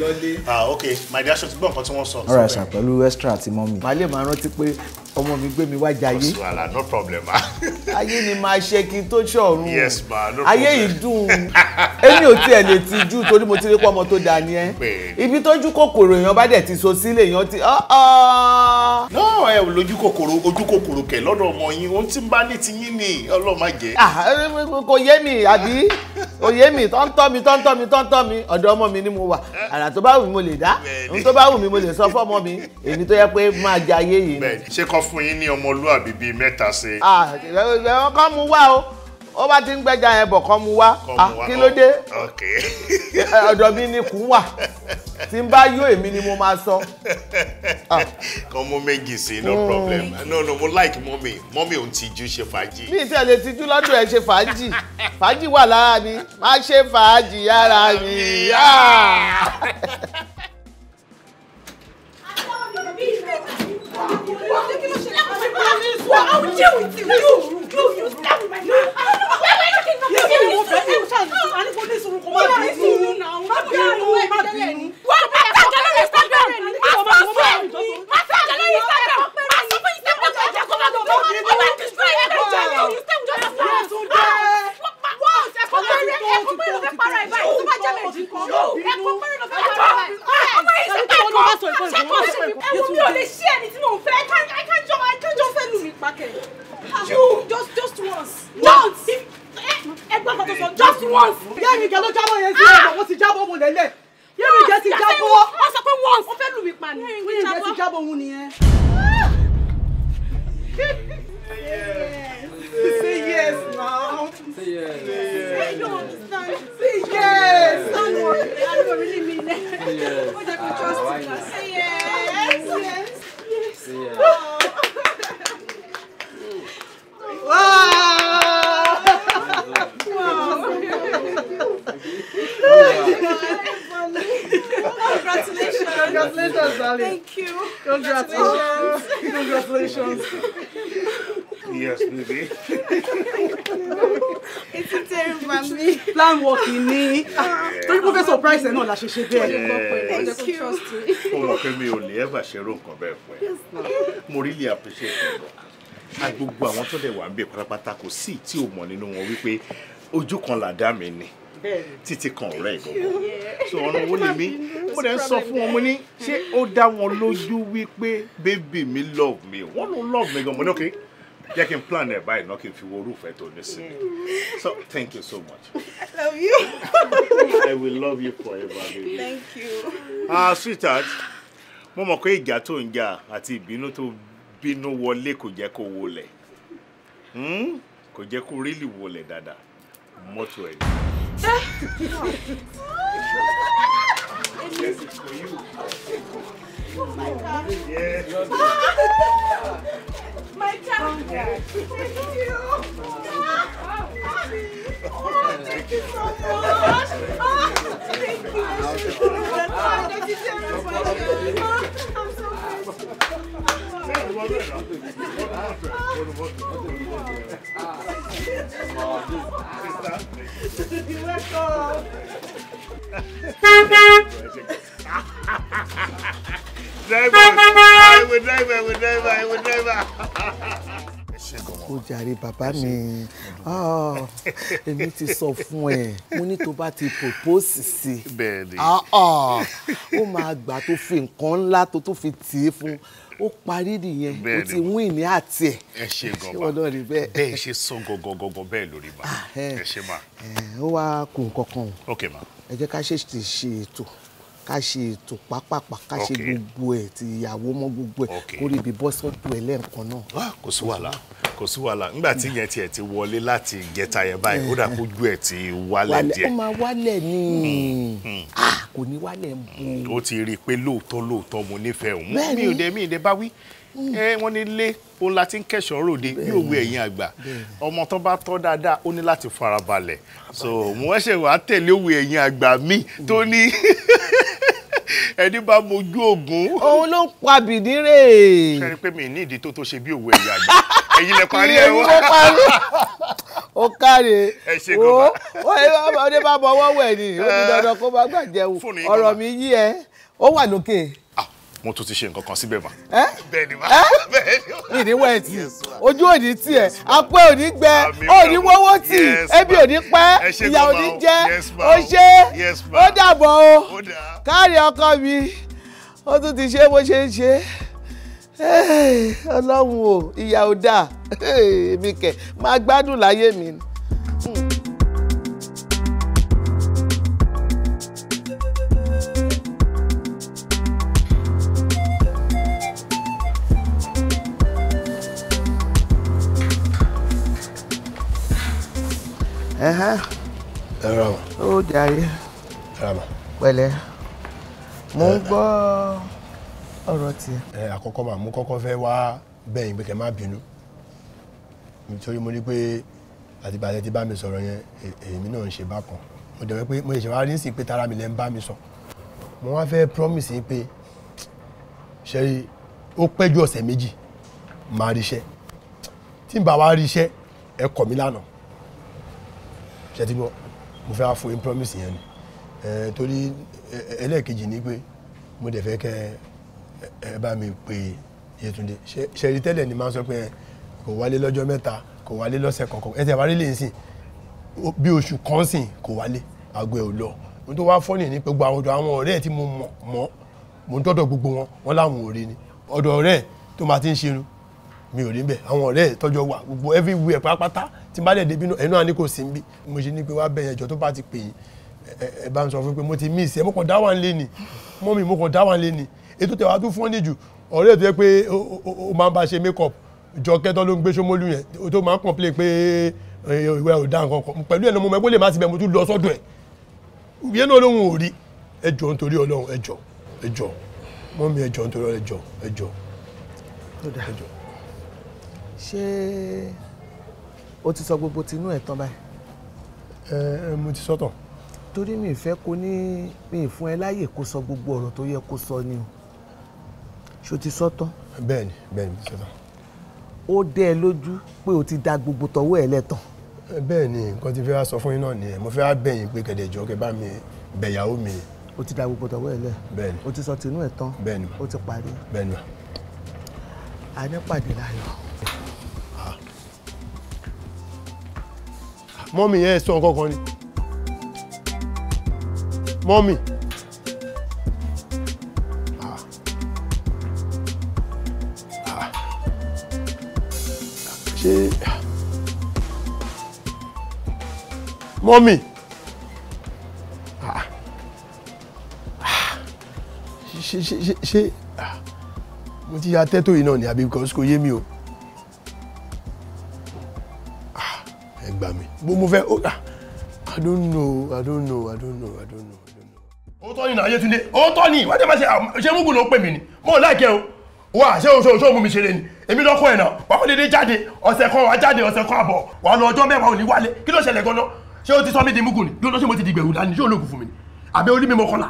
ah ok my dear ṣe ti gbọ́ nǹkan tí wọ́n sọ. ọ̀rọ̀ àṣà pẹ̀lú extra àti mọ́mì. màá lè máa rántí pé ọmọ mi gbé mi wá jayé. wàhálà no problem. ayé ni màá ṣe kí n tó ṣọ̀run. yes ma no problem. ayé yìí dùn. èmi ò tiẹ̀ lè tijú torí mo ti rí pé tó dà nìyẹn ibi tójú kòkòrò èèyàn bá dẹ̀ ti so sílẹ̀ èèyàn ti ọ̀ọ́. náà ẹ ò lójú kòkòrò ojú kòkòrò kẹ lọ́dọ̀ ọmọ yín ohun tí ń bá ní ti yín ni ọlọ́run má jẹ́. Ah, kò yé mi àbí kò yé mi tó ń tọ́ mi tó ń tọ́ mi tó ń tọ́ mi ọ̀dọ̀ ọmọ mi ni mo wà àrà tó bá wù mí mo lè dá ohun tó bá wù mí mo lè sọ fọ́mọ mi èmi tó yẹ pé máa jẹ ayé yìí. ṣé kọ́ fún yín ní ọmọlúwàbí bíi mẹ́ta ah ọkọ mu wá ó bá ti ń gbẹ́ja yẹn bọ̀ kọ́ mu wá ah, kí ló dé ọ̀dọ̀ mi ni kù ń wà tí n bá yó èmi ni mo máa sọ. Ah. kan mú méjì sí no mm. problem no no mo like mọ́mì mọ́mì òun tìjú ṣe fàájì. mi ìtẹ̀lẹ̀ tìjú lọ́dọ̀ ẹ̀ ṣe fàájì fàájì wà lára mi má ṣe fàájì yára mi yá. Ah. I don't want to be I will deal with you. You, you, you stay with my man. Where were you taking my man? You won't be able to do it. I need to do this. Come on, please. No, no, no. Má bínú, má bínú. Wọ́n bá a sọ̀tẹ̀ lórí Instagram. Má sọ fún ẹ̀. Má sọ̀tẹ̀ lórí Instagram. Má sọ fún Instagram. Má sọ̀tẹ̀ lórí Instagram. Má sọ̀tẹ̀ lórí Instagram. Má sọ̀tẹ̀ lórí Instagram pa. wọ́n ò sẹ́kọ̀ọ́ pẹ́rẹ́ ẹ̀kọ́ pẹ́rẹ́ ló fẹ́ para ẹ̀ báyìí tó bá jẹ́ méjì kan ẹ̀kọ́ pẹ́rẹ́ ló fẹ́ para ẹ̀ báyìí. ọmọ yìí ṣe kẹ́kọ̀ọ́ ṣẹ́kọ̀ọ́ ṣẹ́kọ̀ọ́ ẹ̀wọ̀n mi ò lè ṣí ẹni tí mò ń fẹ́ I can just I can just fẹ́ lù mí pàkẹ́. just just once. once. ẹgbẹ́ kan tó sọ just once. yẹ́nì kẹ́ ló jábọ̀ yẹn sí ah! ọ̀dọ̀ wọ́n ti jábọ̀ mo lẹ́lẹ̀ yẹ́nì kẹ́ ti jábọ̀. wọ́n sọ pé once. ó fẹ́ lù mí pa ni. yẹ́nì kẹ́ ti jábọ̀ òun nìyẹn. Ah! Ah, yes. yes. Yes. yes. Yes. yes. Yes. yes. Yes. Yes. Yes. Yes. Yes. Yes. Yes. mean it. Say yes. What have you trusted us? Say yes. Yes. Say yes. Oh. Congratulations. Congratulations, darling. Thank you. Congratulations. Congratulations. Yes, baby. It's a terrible me. Plan me. Don't you mo fẹ́ surprise ẹ̀ náà la ṣe ṣe bẹ́ẹ̀. Thank you. Ó mọ̀ pé mi ò lè ever ṣe irú nǹkan bẹ́ẹ̀ fún ẹ. really appreciate it. I go go. I want to wà ń bẹ̀ pátápátá kò sí tí ò mọ̀ nínú wọn wípé ojú kan làdá mi ni títí kan ọ̀rẹ́ ìgbọ̀ngàn so ọ̀nà wo lè mí mo dẹ̀ ń sọ fún wọn mo ní ṣé ó dá wọn lójú wípé mi love me wọn ló love me gan mo ní okay jẹ́ kí n plan ẹ̀ báyìí náà kí n fi wo orúfẹ́ tó ní sí so thank you so much. I love you. I will love you forever baby. thank you. ah sweetheart mo mọ̀ pé ìjà tó ń jà àti ìbínú tó bínú wọlé kò jẹ́ kó wọlẹ̀ hmm? kò jẹ́ kó rílì wọlẹ̀ dáadáa mọ́tò ẹ̀ ni. Oh my God. Yeah. My dad. Thank you. Oh, thank you so much. Oh, thank you. That's Thank you so much. I'm so grateful. You're welcome. driver ìwé driver ìwé driver ìwé driver. ó jàre bàbá mi ah, èmi ti sọ fún ẹ mo ní tó bá ti propose sí i ah, ah. ó máa gbà tó fi nǹkan ńlá tó tó fi tì í fún un ó parí nìyẹn ó ti wín ní àti ẹ ẹ ṣe gọba bẹ́ẹ̀ ṣe sọ gọgọgọgọ bẹ́ẹ̀ lórí ma ẹ ṣe ma. ó wá kù nǹkan kan o ẹ jẹ́ ká ṣèṣe ètò ká ṣe ètò pápápá ká ṣe gbogbo ẹ̀ ti ìyàwó mọ́ gbogbo ẹ̀ kó rí ibi bọ́ sọ́dọ̀ ẹ̀ lẹ́ẹ̀kan náà. Ah, kò sí wàhálà kò sí wàhálà nígbà tí yẹn tiẹ̀ ti wọlé láti gẹta yẹn báyìí ó dà kó ju ẹ̀ ti wálẹ̀ díẹ̀. ó máa wálẹ̀ ni hmm, hmm. Ah, kò ní wálẹ̀ mú. ó ti rí i pé lóòótọ́ lóòótọ́ mo nífẹ̀ẹ́ òun mi ò dé mi ì wọ́n ní ilé òun la ti ń kẹ̀ṣọ́ ròde bí òwe ẹ̀yin àgbà ọmọ tó bá tọ́ dáadáa ó ní láti farabalẹ̀ so mo ṣẹ̀ wá tẹ̀lé òwe ẹ̀yin àgbà mi tó ní ẹni bá mojú ogun. òun ló ń pa bìdírè. sẹ́ni pé mi ní ìdí tó tó ṣe bí òwe ẹ̀yin àgbà ẹ̀yin lẹ parí ẹ̀ wá. ìyẹn ló parí ó káre wo ọdẹ bá bọ ọwọ́ wẹ̀ ni ó ní eh, dandan kó má gbàjẹ́ ọ̀rọ̀ mi yí ẹ ó wà lókè mo tún ti ṣe nǹkan kan síbẹ̀ mà. bẹ́ẹ̀ ni mà bẹ́ẹ̀ ni mà. ìní wẹ̀ẹ̀tì ojú òní tiẹ̀ apẹ́ òní gbẹ òní wọ́wọ́ tì ebi òní pẹ́ ìyà òní jẹ ó ṣe ó dàbọ̀ o káàrí ọkọ mi ó tún ti ṣe bó ṣe ń ṣe ọlọ́run o ìyà ò dáa èmi kẹ̀ máa gbádùn láyé mi ni. ẹ rà mà. ó jàre. ẹ rà mà. pẹ̀lẹ́ mo ń gbọ́ ọ̀rọ̀ tiẹ̀. ẹ àkọ́kọ́ mà mo kọ́kọ́ fẹ́ wá bẹ́ẹ̀ yín pé kẹ́ má bínú nítorí mo rí pé àtibàtẹ́ ti bá mi sọ̀rọ̀ yẹn e, èmi náà ń ṣe bákan mo dẹ̀ wẹ́ pé mo ṣẹ̀ṣẹ̀ wá rí sí pé tara mi lẹ́ ń bá mi sọ mo wá fẹ́ promise yín pé ṣe rí ó pẹ́ ju ọ̀sẹ̀ méjì máa ríṣẹ́ tí n bá wá ríṣẹ́ ẹ kọ̀ mí lánàá ṣe mo fẹ́ fún yín promise yẹn ni torí ẹlẹ́ẹ̀kejì ni pé mo dẹ̀ fẹ́ kẹ́ ẹ bá mi pè Yétúndé ṣẹ̀rí tẹ́lẹ̀ ni máa ń sọ pé kò wálé lọ́jọ́ mẹ́ta kò wálé lọ́sẹ̀ kọ̀ọ̀kan ẹ ti àwárí lè sìn bí oṣù kan sìn kò wálé àgọ́ ẹ̀ ò lọ ohun tó wá fọ́nì ní gbogbo àwọn ọ̀dọ̀ àwọn ọ̀rẹ́ tí mo mọ̀ mọ́ mo ń tọ́dọ̀ gbogbo wọn wọn láwọn ò rí ni ọ̀dọ̀ ọ̀rẹ́ tó mi ò rí bẹ́ẹ̀ àwọn ọ̀rẹ́ tọ́jọ́ wà gbogbo everywhere pátápátá tí bá dẹ̀ débi ẹnu àní kò sí níbí mo ṣe ní pé wá bẹ̀yẹn ẹjọ́ tó bá ti pè é ẹ bá ń sọ fún mi pé mo ti miss ẹ mo kàn dá wà ń lé ni mọ́ mi mo kàn dá wà ń lé ni ètò tẹ̀wá tó fún ọ́ níjù ọ̀rẹ́ tó yẹ pé ó máa ń bá ṣe make up jọkẹ́ tó ló ń gbé Ṣómólú yẹn tó máa ń complain pé ìwé ò dá nǹkan kan pẹ̀lú ẹ̀nà mo mọ̀ pé ẹjọ́ ẹjọ́ mọ́ mi ẹjọ́ nítorí Ọlọ́run ẹjọ́ ẹjọ́ ẹjọ́ ṣé o ti sọ gbogbo tinú ẹ̀ tán báyìí. ẹ ẹ mo ti sọ tán. torí mi ì fẹ́ kó ní mi ì fún ẹ láyè kó sọ gbogbo ọ̀rọ̀ tó yẹ kó sọ ni o ṣo ti sọ tán. bẹ́ẹ̀ni bẹ́ẹ̀ni mo ti sọ tán. ó dẹ́ ẹ lójú pé o ti da gbogbo tọwọ́ ẹ lẹ́tàn bẹ́ẹ̀ ni nǹkan tí fẹ́ wá sọ fún yín náà nìyẹn mo fẹ́ wá bẹ̀ pé kẹ̀dẹ̀ jọ kẹ bá mi bẹ̀yàwó mi. o ti da gbogbo tọwọ́ ẹ lẹ. bẹ́ẹ̀ni o ti sọ tinú ẹ tán. bẹ́ẹ̀ni o ti parí. bẹ́ẹ̀ni ma. a ní pàdé láyọ̀. mọ́mì yẹn sọ nǹkan kan ni mọ́mì. ṣe mọ́mì ṣe ṣe ṣe mo ti ya tẹ́tò yìí náà ni àbí kò yé mi o. mo mo fẹ́ ó i don't know i don't know i don't know i don't know. ó tọ́ ni náà Yétúndé ó tọ́ ni wájú máa ṣe ṣé mú gbòòlò pè mí ni mo ò láìkẹ́ o wá ṣé o ṣe o ṣe o mú mi ṣeré ni èmi lọ́kọ̀ ẹ̀ náà wà á dédé jáde ọ̀sẹ̀ kan wà á jáde ọ̀sẹ̀ kan àbọ̀ wà á lọ ọjọ́ mẹ́wàá ò ní wálé kí ló ṣẹlẹ̀ gan-an ṣé o ti sọ mí di mugu ni yóò lọ ṣé mo ti di gbẹ̀rù dání ṣé olóògùn fún mi ni àbẹ́ orí mi mo kọ́ la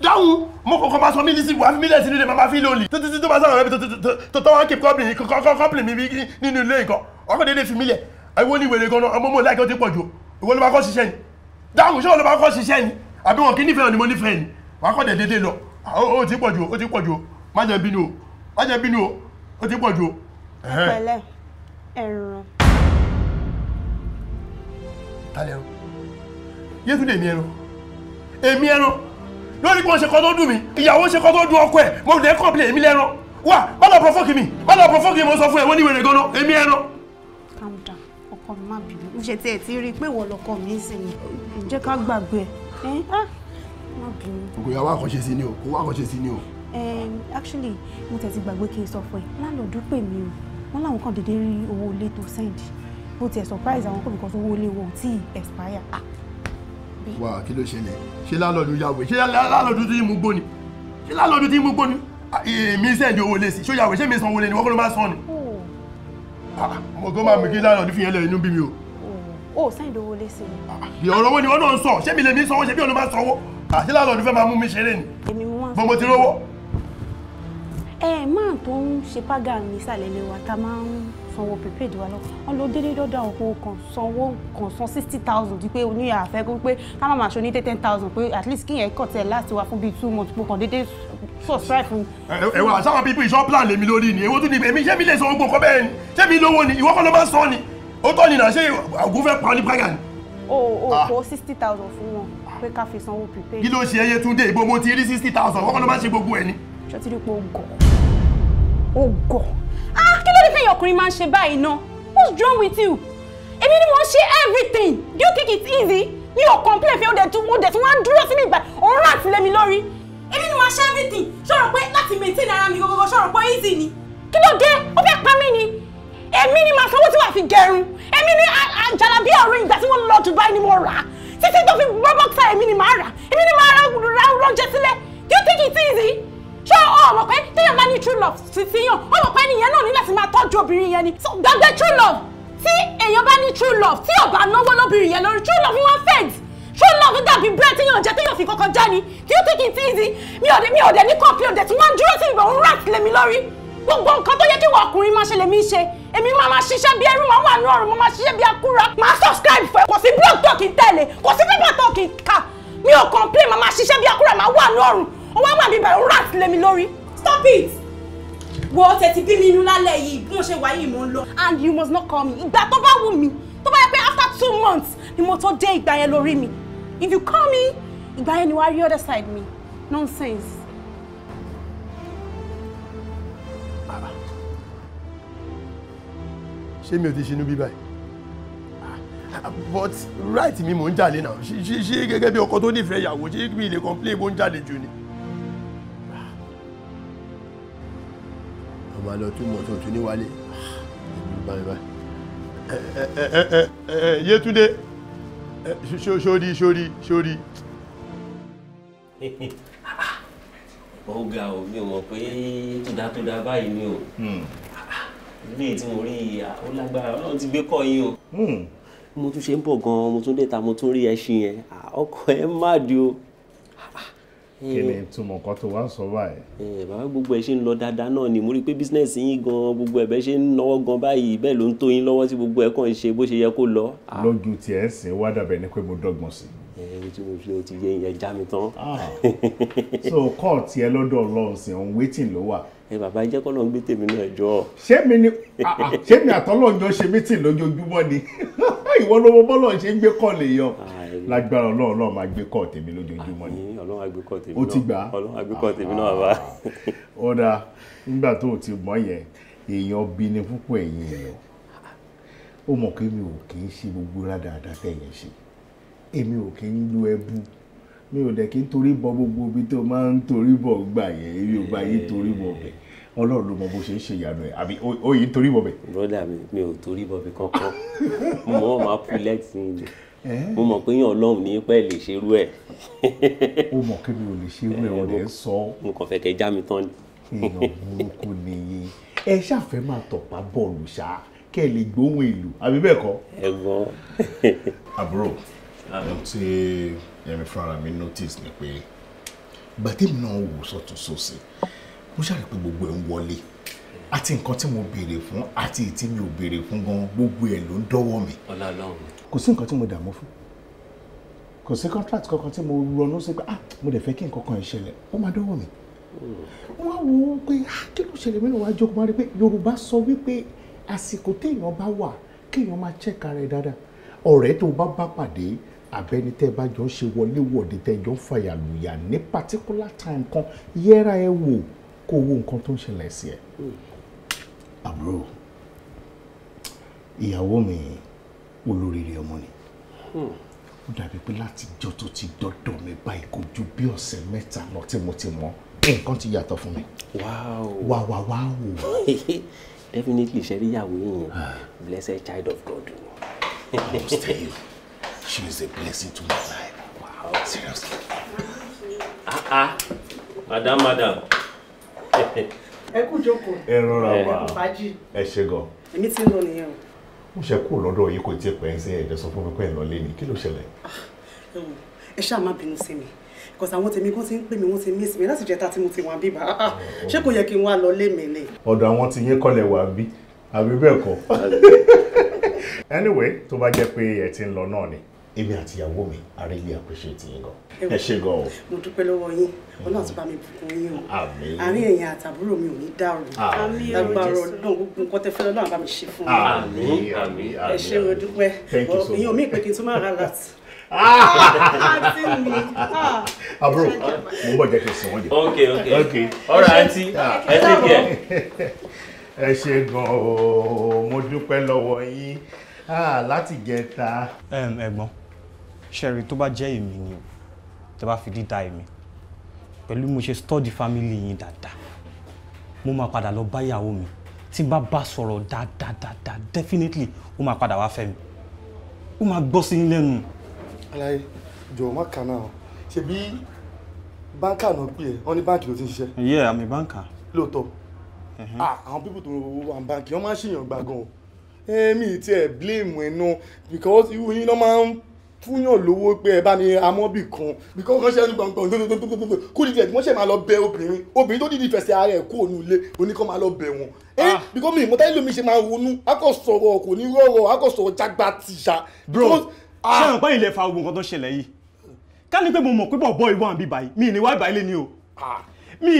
dáhùn mo kọ̀ọ̀kan bá sọ mí nísìnyí wà á fi mílẹ̀ sínú ilé màmá fi lóòlì títí tó bá sọ̀rọ̀ rẹ̀ tó tó wá kí kọ́ọ̀bì nínú ilé nǹkan ọkọ̀ dédé fi mílẹ̀ ẹwọ́ ní wèrè gan-an ọmọ mọ̀ láìkẹ́ ó ti pọ̀ jù ìwọ ló bá kọ́ ṣiṣẹ́ ni dáhùn ṣé wọn ló bá kọ́ ṣiṣẹ́ ni àbí wọn kì í nífẹ̀ẹ́ ni mo nífẹ̀ẹ́ ni wàá kọ́ dẹ̀dẹ̀dẹ̀ lọ ó ti pọ̀ jù ó ti pọ̀ jù má jẹ́ bínú o má jẹ́ bínú o ó ti pọ̀ jù o. pẹ̀lẹ́ ẹran. ta lẹ́rọ yétúndé mi ẹran èmi ẹran lórí bí wọ́n ṣe kọ́ tó dùn mí ìyàwó ṣe kọ́ tó dùn ọkọ ẹ̀ mo lè kọ́ bí èmi lẹ́ran wà bá lọ pọ̀ fọ́ọ̀kì mi bá lọ pọ̀ fọ́ọ̀kì mi mo sọ fún ẹ wọ́n ní wèrè gan-an èmi ẹran ọkọ mi má bínú mo ṣe tiẹ̀ ti rí i pé ìwọ lọkọ mi ń sìn ní jẹ́ ká gbàgbé ẹ má bínú. kò yà wá àkànṣe sí ni o kò wá àkànṣe sí ni o. actually mo tẹ̀ ti gbàgbé kí n sọ fún ẹ láńlọ́ọ̀dù pè mí o wọ́n láwọn kan dédé rí owó ilé tó send bó tiẹ̀ surprise àwọn kò because owó ilé wọn ò tí ì expire. Ah, wà á kí ló ṣẹlẹ̀ ṣé láńlọ́ọ̀dù yàwé ṣé láńlọ́ọ̀dù tí mú gbóni ṣé láńlọ́ọ̀dù tí mú gbóni ah, èmi send owó ilé sí ṣó yàwé ṣé mi san owó ilé ni wọ́n kọ́ ló má san ni. Ah, mo tó máa mi kí láàrín ọdún fi yẹn lẹ inú bí mi o. o ò sáyìn lówó lé sí i. ọ̀rọ̀ wo ni wọ́n náà ń sọ ṣé mi lè mi sanwó ṣe bí olùmọ̀ sanwó àti láàrín ọdún fẹ́ máa mú mi ṣeré ni. èmi mo máa ń sọ gbogbo ti rówó. ẹ eh, máa tó ń ṣe págà nísàlẹ̀ lẹ́wà tá a máa ń sanwó prepaid wa náà wọn lọ délé dọ́dọ̀ àwọn owó kan sanwó kan san sixty thousand di pé oníyà àfẹ́ kó pé ká má máa ṣe onídé ten thousand pé at least kíyẹn kàn tẹ̀ láti wá fún bíi two months mo kàn déédéé subscribe fún. ẹ sáwọn pípọ̀ ìṣọ́ plan lèmi lórí ni èwo tún ni èmi ṣé mi lè san ogun ọkọ bẹ́ẹ̀ ni ṣé mi lówó ni ìwọ kọ́ ló máa san ni ó tọ́ ni nà ṣé ògùn fẹ́ pa ọ́ ní praga ni. o o ah. kó sixty thousand fún wọn pé ká fi sanwó prepaid. kí ló ṣe ẹyẹ túndé ìbomú ti rí sixty thousand wọ́n kọ́ ló máa ṣe gbogbo ẹ̀ ni. ṣọtí dípò ògọ̀ ògọ̀ lẹ́yìn ọkùnrin máa ń ṣe báyìí náà what's wrong with you èmi ni mo ṣe everything do you think it's easy mi ò complain fi ó dẹ̀ tún ó dẹ̀ tún wá dúró sí mi ìgbà òun rà sílẹ̀ mi lórí èmi ni mo ṣe everything ṣọ̀rọ̀ pé láti maintain ara mi gbogbo ṣọ̀rọ̀ pé easy ni kí ló dé ó fẹ́ pa mí ni èmi ni màá sanwó tí wàá fi gẹrun èmi ni àjàlábí ọ̀rọ̀ ìgbà tí wọ́n lọ Dubai ni mo rà á títí tó fi bọ́ bọ́ksà èmi ni màá rà èmi ni màá rà rọ́jẹ sílẹ̀ do you think it's easy ṣé o mọ̀ pé téèyàn máa ní true love sí síyàn o mọ̀ pé nìyẹn náà ní láti máa tọ́jú obìnrin yẹn ni gbàgbé true love tí èèyàn bá ní true love tí ò bá náwó lóbìnrin yẹn lórí true love wọn fade true love dàbí bread téèyàn jẹ téèyàn fi kọkọ já ni kí ó take it easy mi ò dé mi ò dé ní complain dẹ̀ tí wọ́n dúró sí ìgbà òun rat lèmi lórí gbogbo nǹkan tó yẹ kí wọ́n ọkùnrin máa ṣe lèmi ṣe èmi máa ma ṣiṣẹ́ bí ẹrú máa wà ní ọ̀run mo máa ṣiṣẹ́ bí akúra máa subscribe fún ẹ kò sí blog tó kì í tẹ̀lé kò sí paper tó kì í kà mi ò complain máa ma ṣiṣẹ́ bí akúra máa wà ní ọ̀run ó wá wà níbẹ̀ ó rat lé mi lórí stop it wo tẹ̀tí bí mi inú lálẹ́ yìí bí mo ṣe wà yìí mo ń lọ. and you must not call me ìgbà tó bá wù mí tó bá yẹ pé after two months ni mo tó dé ìgbà yẹn lórí mi if you call me ìgbà yẹn ni wàá rí other side mi nonsense. ṣé mi ò ti ṣinú bí báyìí but right mi mò ń jalè náà ṣe gẹ́gẹ́ bí ọkọ tó nífẹ̀ẹ́ ìyàwó ṣé mi lè complain bó ń jalè jù ni. o máa lọ tún mọ́tò tún níwálé yétúndé sórí sórí sórí. ó ò mi ò mọ̀ pé tòdátòdá báyìí ni o hmm. ilé tí mo rí ìyá lágbára ọlọ́run ti gbé kọ́ yín o. Hmm. mo tún ṣe ń bọ̀ gan-an mo tún dé ta mo tún rí ẹṣin yẹn ọkọ̀ ẹ má di o kí ni ìtumọ̀ kan tó wá sọ báyìí. ẹ bàbá gbogbo ẹ ṣe ń lọ dáadáa náà ni mo rí i pé bísínẹ́sì yín gan gbogbo ẹ bẹ́ẹ̀ ṣe ń náwó gan báyìí bẹ́ẹ̀ ló ń tó yín lọ́wọ́ tí gbogbo ẹ kàn ń ṣe bó ṣe yẹ kó lọ. lójú tí ẹ sìn wá dàbẹ̀ ni pé mo dọ́gbọ́n sí. ẹ ẹ tí mo fi ti yẹ ìyẹn já mi tán. so call tiẹ lọ́dọ̀ Ọlọ́run sì ń waiting ló wà ẹ bàbá jẹ́ kọ́ ló ń gbé tèmi náà jọ. ṣé mi ni ṣé mi àtọ́lọ́jọ́ ṣe mítìn lójoojúmọ́ ni ìwọ ló mọ bọ́lọ̀ ṣe ń gbé kọ́ lè lágbára ọlọ́run ọlọ́run máa gbé kọ́ tèmi lójoojúmọ́ ni ọlọ́run á gbé kọ́ tèmi náà ó ti gbà á ọlọ́run á gbé kọ́ tèmi ah. ó dáa nígbà tó o ti mọ̀ yẹn èèyàn bí ni púpọ̀ ẹ̀yìn èèyàn ó mọ̀ pé mi ò kì í ṣe gbogbo rádaràda tẹ̀yìn ṣe èmi ò kì í lu ẹbú mi ò dẹ̀ kí n torí bọ gbogbo ibi tó máa ń torí bọ̀ gbà yẹn èmi ò bá yí torí bọ̀ bẹ̀ ọlọ́run ló mọ bó ṣe ń ṣe ìyanu ẹ̀ àbí ó yí torí bọ̀ bẹ̀. broda mi mi ò torí bọ̀ bẹ̀ kankan mo mọ̀ máa pu ni. Eh? mo mọ̀ pé yàn ọlọ́run ní pẹ́ lè ṣerú ẹ̀. ó mọ̀ kí mi ò lè ṣerú ẹ̀ ọ̀dẹ̀ eh, sọ. mo kàn fẹ́ kẹ́ já mi tán ni. èèyàn burúkú ni ẹ ṣàfẹ́ máa tọ̀pá bọ́ọ̀lù ṣá kẹ́ ẹ lè gbóhùn ìlú àbí bẹ́ẹ̀ kọ́. ẹ gbọ́. àbúrò ohun tí yẹmi fúnra mi notice ni pé gbàtẹ́mi náà wò sọ́tún sósì mo ṣàrí pé gbogbo ẹ̀ ń wọlé àti nǹkan tí mo béèrè fún àti ìtí mi ò béèrè fún gan gbogbo ẹ̀ ló ń dọ́wọ́ mi. ọlá Ọlọ́run kò sí nǹkan tí mo dààmú fún kò sí contract kankan tí mo ronú sí pé ah mo dẹ̀ fẹ́ kí nǹkan kan ìṣẹ̀lẹ̀ ó máa dọ́wọ́ mi wọ́n á wo pé ah, kí ló ṣẹlẹ̀ mí náà wá jókòó máa rí pé Yorùbá sọ wípé àsìkò téèyàn bá wà kéèyàn máa check ara ẹ̀ dáadáa ọ̀rẹ́ tó bá bá pàdé àbẹ́ni tẹ́ bá jọ ń ṣe wọléwọ̀de tẹ́ ẹ jọ ń fàyàlùyà ní particular time kan yẹra ẹ wò kó wo nǹkan tó ń ṣẹlẹ̀ sí ẹ. Hmm. àbúrò ìyàwó mi olóríire ọmọ ni hmm. ó dàbí pé látijọ́ tó ti dọ́dọ̀ mi báyìí kò ju bí ọ̀sẹ̀ mẹ́ta lọ tí mo ti mọ̀ nǹkan ti yàtọ̀ fún mi. wá wá wá o. definitely ṣẹ́rí ìyàwó yìnyín ah. blessed child of God. I must tell you she is a blessing to my life. Wow. seriously. ah ah madam madam. ẹ kú jókòó. ẹ rọra wá ẹ ṣe gan. èmi ti ń lọ nìyẹn o mo ṣe kúrò lọ́dọ̀ yìí kò tí ì pẹ́ ń sẹ́yìn ẹ̀jẹ̀ sọ fún mi pé ẹ̀ lọ lé ni kí ló ṣẹlẹ̀. Ah, ẹ ṣáà má bínú sí mi because àwọn tèmi kan ti ń pè mí wọ́n ti miss mi láti jẹta tí mo ti wà bíbá ah, ah, ṣé kò yẹ kí n wá lọ lé mi ni. ọ̀dọ̀ àwọn ti yín kọ́lẹ̀ wà bí àbí bẹ́ẹ̀ kọ́ anyway tó bá jẹ́ pé ẹ̀ ti ń lọ náà ni èmi àti ìyàwó mi I really appreciate yín gan ẹ ṣé gan o. mo dúpẹ́ lọ́wọ́ yín ọlọ́run mm-hmm. ti bá mi bùkún yín o àárín ẹ̀yin àtàbúrò mi ò ní dàrú lágbára ọdún gbogbo nǹkan tẹ́ fẹ́ ọlọ́run bá mi ṣe fún mi ẹ ṣé mo dúpẹ́ ìyẹn omi ìpè kí n tún máa rà láti ah! ah! àbúrò mo bọ̀ jẹ́ kí n sìn wọ́n jẹ. ok ok ok ọ̀rọ̀ àǹtí ah. ẹ ti kẹ́. ẹ ṣe gan o mo dúpẹ́ lọ́wọ́ yín láti jẹta. ẹ̀gbọ́n ṣẹ́rí tó bá jẹ́ èmi ni o tẹ́ bá fi dídá èmi pẹ̀lú mo ṣe study family yín dáadáa mo máa padà lọ bá ìyàwó mi tí n bá bá sọ̀rọ̀ dáadáa definitely ó máa padà wá fẹ́ mi ó máa gbọ́ sí yín lẹ́nu. aláyé jọ̀wọ́ má kà náà ṣe bí báńkà náà pè ẹ́ wọ́n ní báńkì ló ti ń ṣiṣẹ́. yeah àmì báńkà. lóòótọ́ ah, àwọn pípò tó wà báńkì wọ́n máa ń ṣèyàn gbàgàn ẹ̀mí tí ẹ̀ blame ẹ̀ náà because irú yín náà máa ń fúnyàn lówó pé ẹ bá mi amọ́bì kan bíkọ́ wọ́n ṣe ń gbọ̀ngbọ̀n tótótótótótó kó dídì ẹ̀dùn wọ́n ṣe máa lọ bẹ obìnrin obìnrin tó dídì fẹsẹ̀ ara ẹ̀ kó òun ilé oníkan máa lọ bẹ wọn. ẹ ah. eh, bíkọ́ mi ìmọ̀tá ìlú mi ṣe máa ronú akọ̀ sọ̀rọ̀ kò ní rọ̀rọ̀ akọ̀ sọ̀rọ̀ jágba ti ṣá. bro ṣé àwọn pẹ́yìn lè fa ogun kan tó ṣẹlẹ̀ yìí ká ní pé mo mọ̀ pé bọ̀ bọ́ ìwọ̀n àbí báyìí mi ìníwá ìbáyìí lé ní o ah. mi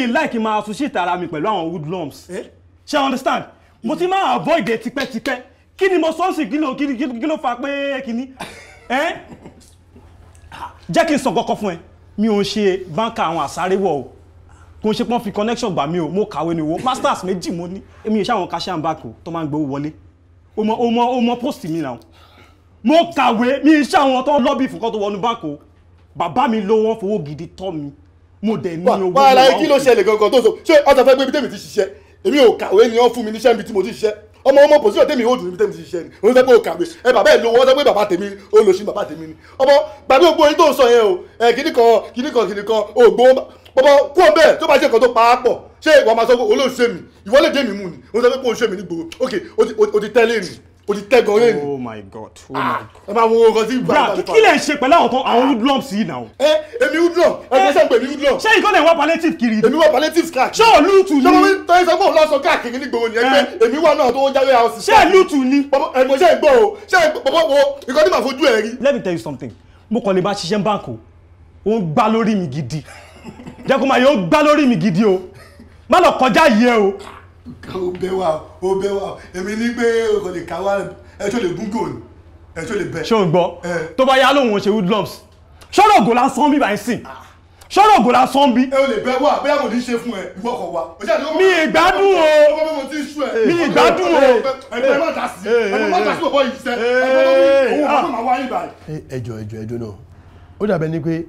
eh? understand mo ti máa avoid ẹ tipẹ́tipẹ́ kí ni mo sọ́ọ̀sì kí ló fa pé kí ni ẹ́ jẹ́ kí n sọ kọ́kọ́ fún ẹ mi ò ń ṣe báńkà àwọn àsáréwọ̀ o kò ń ṣe pọ́n fi connection gbà mí o mo kàwé ni wo masters méjì mo ní èmi ìṣe àwọn cashier bank o tó máa ń gbowó wọlé o mọ o mọ o mọ post mi náà mo kàwé mi ìṣe àwọn tó ń lọ́bì fún kọ́ tó wọnú báńkì o bàbá mi ló wọ́n fowó gidi tọ́ mi mo dẹ̀ ní owó. wàhálà kí ló ṣẹlẹ̀ gangan tó so ṣé ọ̀sán fẹ́ gbé ibi tèmi ti ṣiṣẹ́ èmi ò kàwé ni wọ́n fún mi níṣẹ́ ibi tí mo ti ṣiṣẹ́ ọmọ ọmọ pòsíṣọ̀ tèmi ó dùn níbi tèmi ti ṣiṣẹ́ ni òun sọ pé o kàwé ẹ bàbá ẹ lówó ọ sọ pé bàbá tèmi ó lòṣì bàbá tèmi ni ọmọ gbàgbé ògbó orin tó ń sọ yẹn o ẹ kíní kan kíní kan kíní kan ògbó bọ́bọ́ kú ọ bẹ́ẹ̀ tó bá ṣe nǹkan tó pa á pọ̀ ṣé ìwà máa sọ pé olóòṣèmí ìwọ́lẹ̀ dé mi mú ni òun sọ pé kó o ṣèmí ní gbogbo ok o ti tẹ́lẹ̀ mi o ti tẹ́ oh my god oh ah, my god. ẹ máa wo nǹkan tí. bra kí lè ṣe pẹ̀lú àwọn tó àwọn woodlumps ah. yìí náà. Eh, ẹ èmi woodlump ẹgbẹ́ sẹ́yìn pé èmi woodlump. ṣé ìkọ́lẹ̀ wa palliative kiri. èmi wa palliative káàkiri. ṣé o lùtù ni. ṣé o sọ pé òun lọ́sọ káàkiri ní gbòòrò nìyẹn pé eh. èmi wà náà tó ń jáwé house. ṣé lùtù ni. ẹ̀mọ ṣe gbọ́ o ṣe bọ́bọ́ wo ìkọ́ fojú ẹ̀ rí. let me tell you something mo kàn lè bá ṣiṣẹ́ báńkì o ó ń gbá lórí mi gidi jẹ́ kó máa yọ ó ń gbá ó bẹ́ wà ó bẹ́ wà èmi ní pé kò lè káwá ẹ tó lè gúngò ni ẹ tó lè bẹ. ṣé o gbọ́ tó bá yá lóhùn ṣe woodlumps ṣọ́rọ̀ ògò lásán bí báyìí sìn ah. ṣọ́rọ̀ ògò lásán bí. ẹ ò lè bẹ wá bóyá kò ní ṣe fún ẹ ìwọ kọ wá. mi ìgbádùn o mi ìgbádùn o. ẹgbẹ́ má dà sí ẹgbẹ́ má dà sí bọ̀bọ̀ yìí sẹ́ ẹgbẹ́ má ah. máa wá yìí báyìí. ẹjọ ẹjọ ẹjọ náà ó dàbẹ ni pé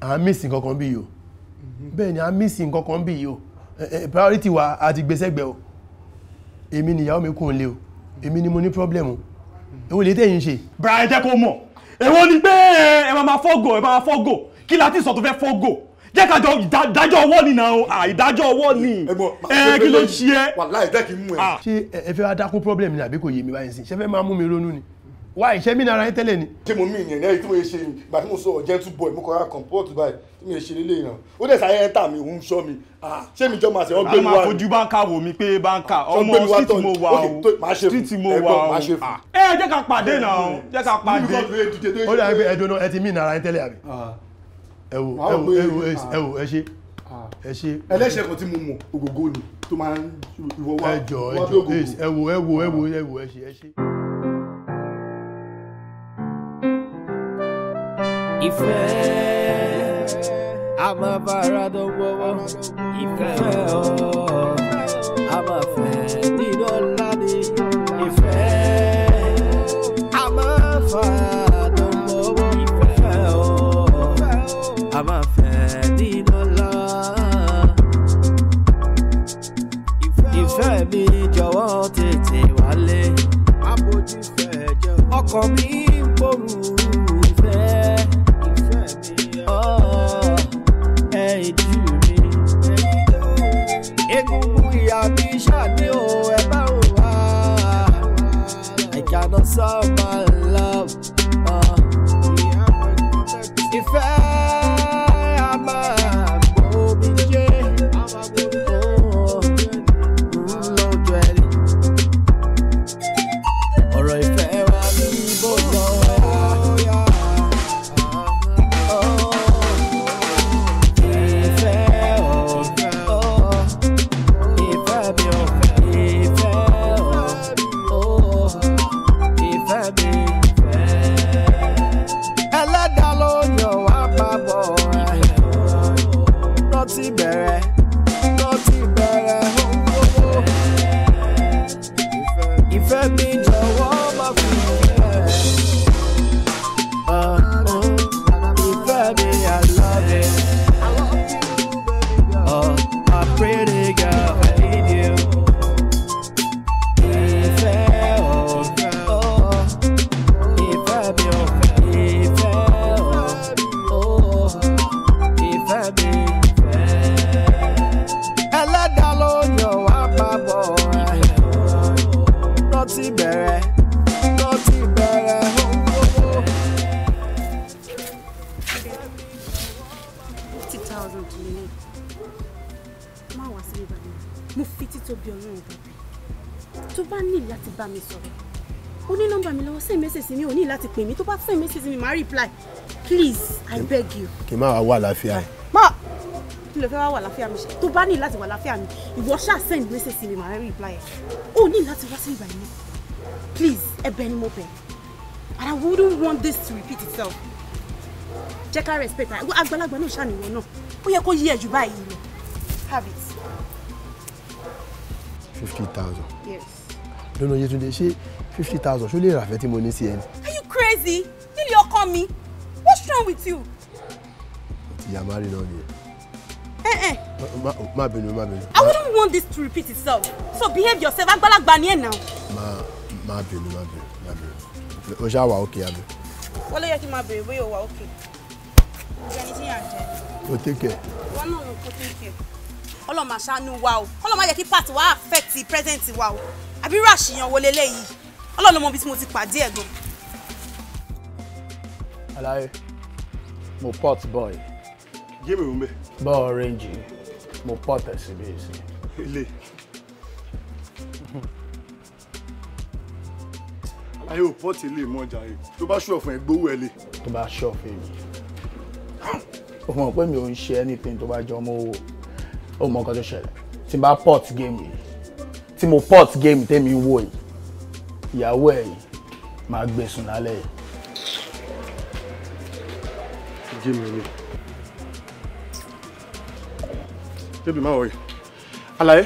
à ń mísìn kankan bí yìí o mhm. bẹ́ẹ̀ ni à ń mísìn kankan bí yìí o. Eh, eh, priority wa àti gbèsègbè o èmi nìyàwó mi kún un lé o èmi ni mo ní problem o èwo lè tẹ̀yìn ṣe. Brian jẹ́ kó mọ̀ èwo ni pé eh, ẹ máa fọ́gò ẹ máa fọ́gò kí la ti sọ tó fẹ́ fọ́gò jẹ́ ká jọ ìdájọ́ ọwọ́ ni náà o ìdájọ́ ọwọ́ ni ẹ kí ló ṣe é. wàláì jẹ́ kí n mú ẹ. ṣé ẹ fẹ́ wá dákún problem ni àbí kò yé mi báyìí sí ṣé fẹ́ máa mú mi ronú ni wá ìṣe mí nara yín tẹ́lẹ̀ ni. ṣé mo mí ìyẹn lẹ́yìn tí mo ṣe ìgbà tí mo sọ gentle boy mo kọ́ ra comport báyìí tí mo ṣe lélẹ̀ ìran ó dẹ̀ sáyẹ́ ẹ̀ta mi òun ṣọ́ mi ah, ṣé mi jọ máa ṣe ọgbẹ́ mi wá. a máa fojú báńkà wò mí pé báńkà ọmọ street mo wà o street mo wà o ẹ jẹ́ ká pàdé náà jẹ́ ká pàdé ó dà pé ẹ̀dùn ẹ ti mí nara yín tẹ́lẹ̀ àbí. Ah. ẹ wo ẹ wo ẹ wo ah. ẹ ṣe ẹ ṣe. ẹlẹ́ṣẹ̀ kan tí mo mọ̀ ògògó ni tó máa ń ìwọ wá. ẹ jọ ẹ jọ ẹ wo ẹ wo ẹ wo ẹ ṣe ẹ ṣe. ìfẹ́ a máa bára dọ́wọ́wọ́ ìfẹ́ ọ a máa fẹ́ nínú ọ̀la ni ìfẹ́ a máa fà dọ́wọ́wọ́ ìfẹ́ ọ a máa fẹ́ nínú ọ̀la. ìfẹ́ mi jọ̀wọ́ tètè wálé ọkàn mi ń gbòòrò. Oh, hey, mi. Egungun ìyá mi ṣàní o, ẹ bá wò wá. I cannot stop my love. Uh. Ìfẹ́. tóbi ọlọ́run bèbè tó bá ní láti bá mi sọ̀rọ̀ ó ní nọ́mbà mi lọ́wọ́ send message mi ò ní láti pè mí tó bá send message mi máa reply please i beg you. kì í má wá wà láfíà ẹ. má kí ló fẹ́ wá wà láfíà mi ṣe tó bá ní láti wà láfíà mi ìwọ ṣáà send message mi máa reply ẹ ó ní láti wá sí ìgbà yìí please ẹ̀bẹ̀ ni mo bẹ̀ and i wouldn't want this to repeat itself jẹ́ ká respect àgbàlagbà náà ṣàníwọ̀ náà ó yẹ kó yí ẹ̀ jù báyìí lọ habit fifty thousand. yes. lọ́nà Yétúndé ṣé fifty thousand ṣó lè ràfẹ́ tí mo ní are you crazy? nílé ọkọ mi what's wrong with you. ìyá mari náà nìyẹn. ẹ ẹ. Eh, eh. má bínú má bínú. I wouldn't want this to repeat itself so behave yourself I'm ni ẹ nà. now. Ma bínú má bínú má bínú o ṣáà wà ókè àbí. wọ́n ló yẹ kí okay. máa béèrè bóyá o wà ókè. take care. wọ́n náà take care kọ́lọ̀ máa ṣàánú wa o kọ́lọ̀ máa jẹ́ kí pàtì wa affect present wa o àbí irú àṣìyàn wo leléyìí ọlọ́run ló mọ ibi tí mo ti pàdé ẹ̀ gan. alaye mo pot boy. jémi ò ń bẹ. bọ́ ọ̀rẹ́njì mo pot ẹ̀ síbi èsì. ilé. ayé ò pọ́ọ̀tì ilé mọ́ ọjà yìí tó bá ṣọ̀ fún ẹ gbowó ẹ lé. tó bá ṣọ̀ fún mi. o mọ̀ pé mi ò ń ṣe anything tó bá jọ mọ́ owó ó mọ nǹkan tó ṣẹlẹ̀ tí n bá port game yìí tí mo port game tèmi wò yìí ìyàwó ẹ̀ yìí máa gbé sùn lálẹ́ yìí. jí mi ni débi máa wọ̀nyí alaye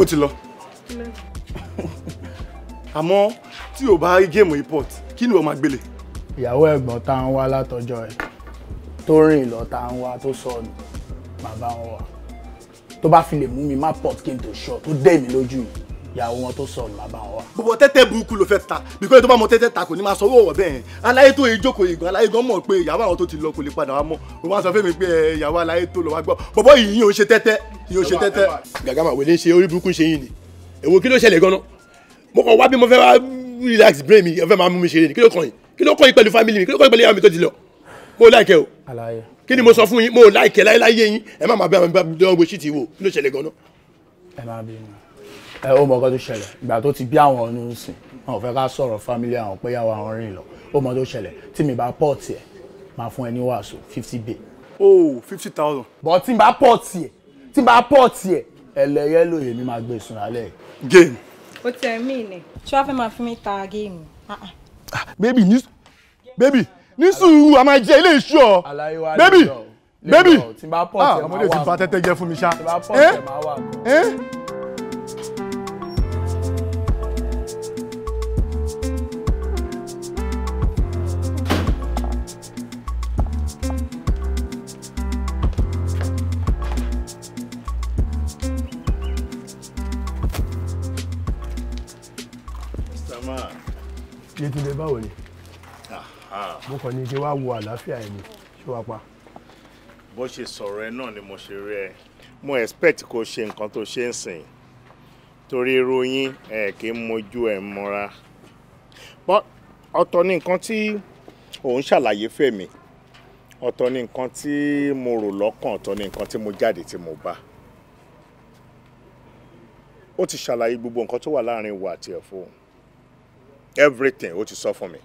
ó ti lọ àmọ́ tí o bá rí géèmù report kí ni wọ́n máa gbélé. ìyàwó ẹ̀gbọ́n tá à ń wá látọjọ́ ẹ̀ tó rìn lọ tá à ń wá tó sọnù bàbá wọn wà tó bá fi lè mú mi má port kí n tó ṣọ tó dẹ́ mi lójú ìyàwó wọn tó sọ ọ̀nà àbá wọn wà. gbogbo tẹ́tẹ́ burúkú ló fẹ́ ta bíkọ́ tó bá mọ tẹ́tẹ́ ta kò ní máa sanwó ọ̀wọ́ bẹ́ẹ̀ aláyé tó yìí jókòó ìgbọ̀n aláyé gan mọ̀ pé ìyàwó àwọn tó ti lọ kò lè padà wá mọ́ o máa sọ fẹ́mi pé ìyàwó aláyé tó lọ wá gbọ́ bọ́bọ́ yìí ò ṣe tẹ́tẹ́ yìí ṣe tẹ́tẹ́. gàgà màwé lè ṣe orí burúkú ṣe yìí ni èwo kí ló ṣẹlẹ̀ gan-an mo kàn wá bí mo fẹ́ kí ni mo sọ fún yín mo láìkẹ́ láyéláyé yín ẹ má máa bẹ àwọn ìbámu gbé sí ti wò kí ló ṣẹlẹ̀ gan-an. ẹ má bínú ẹ ó mọ ọkọ tó ṣẹlẹ̀ ìgbà tó ti bí àwọn ọ̀nù sìn wọn ò fẹ́ ká sọ̀rọ̀ fámílì àwọn pé yàwó àwọn rìn lọ ó mọ tó ṣẹlẹ̀ tí mi bá pọ̀ tiẹ̀ máa fún ẹ ní wàásù fifty bay. o fifty thousand. bọ̀ tí n bá pọ̀ tiẹ̀ tí n bá pọ̀ tiẹ̀ ẹlẹ́yẹ lóye mi máa gbé sùn lálẹ́. game. o tẹ̀ mí ni ṣé wàá fẹ́ máa fún mi ah, ah. Ah, baby ní baby ní sùúrù a máa jẹ ilé iṣu ọ bébì bébì ah, ọmọdé ti ba tẹ́tẹ́ jẹ fún mi ṣá. mo kàn ní wá wo àlàáfíà ẹ̀ ṣé wàá pa. bó ṣe sọ̀rọ̀ ẹ náà ni mo ṣe rí ẹ mo expect kó ṣe nǹkan tó ṣe ń sìn torí irú ẹ kì í mojú ẹ mọ́ra ọ̀tọ̀ ni nǹkan tí òun ṣàlàyé fẹ́mi ọ̀tọ̀ ni nǹkan tí mo rò lọ́kàn ọ̀tọ̀ ni nǹkan tí mo jáde tí mo bá ó ti ṣàlàyé gbogbo nǹkan tó wà láàrin ìwà àti ẹ̀fọ́ everything ó ti sọ fún mi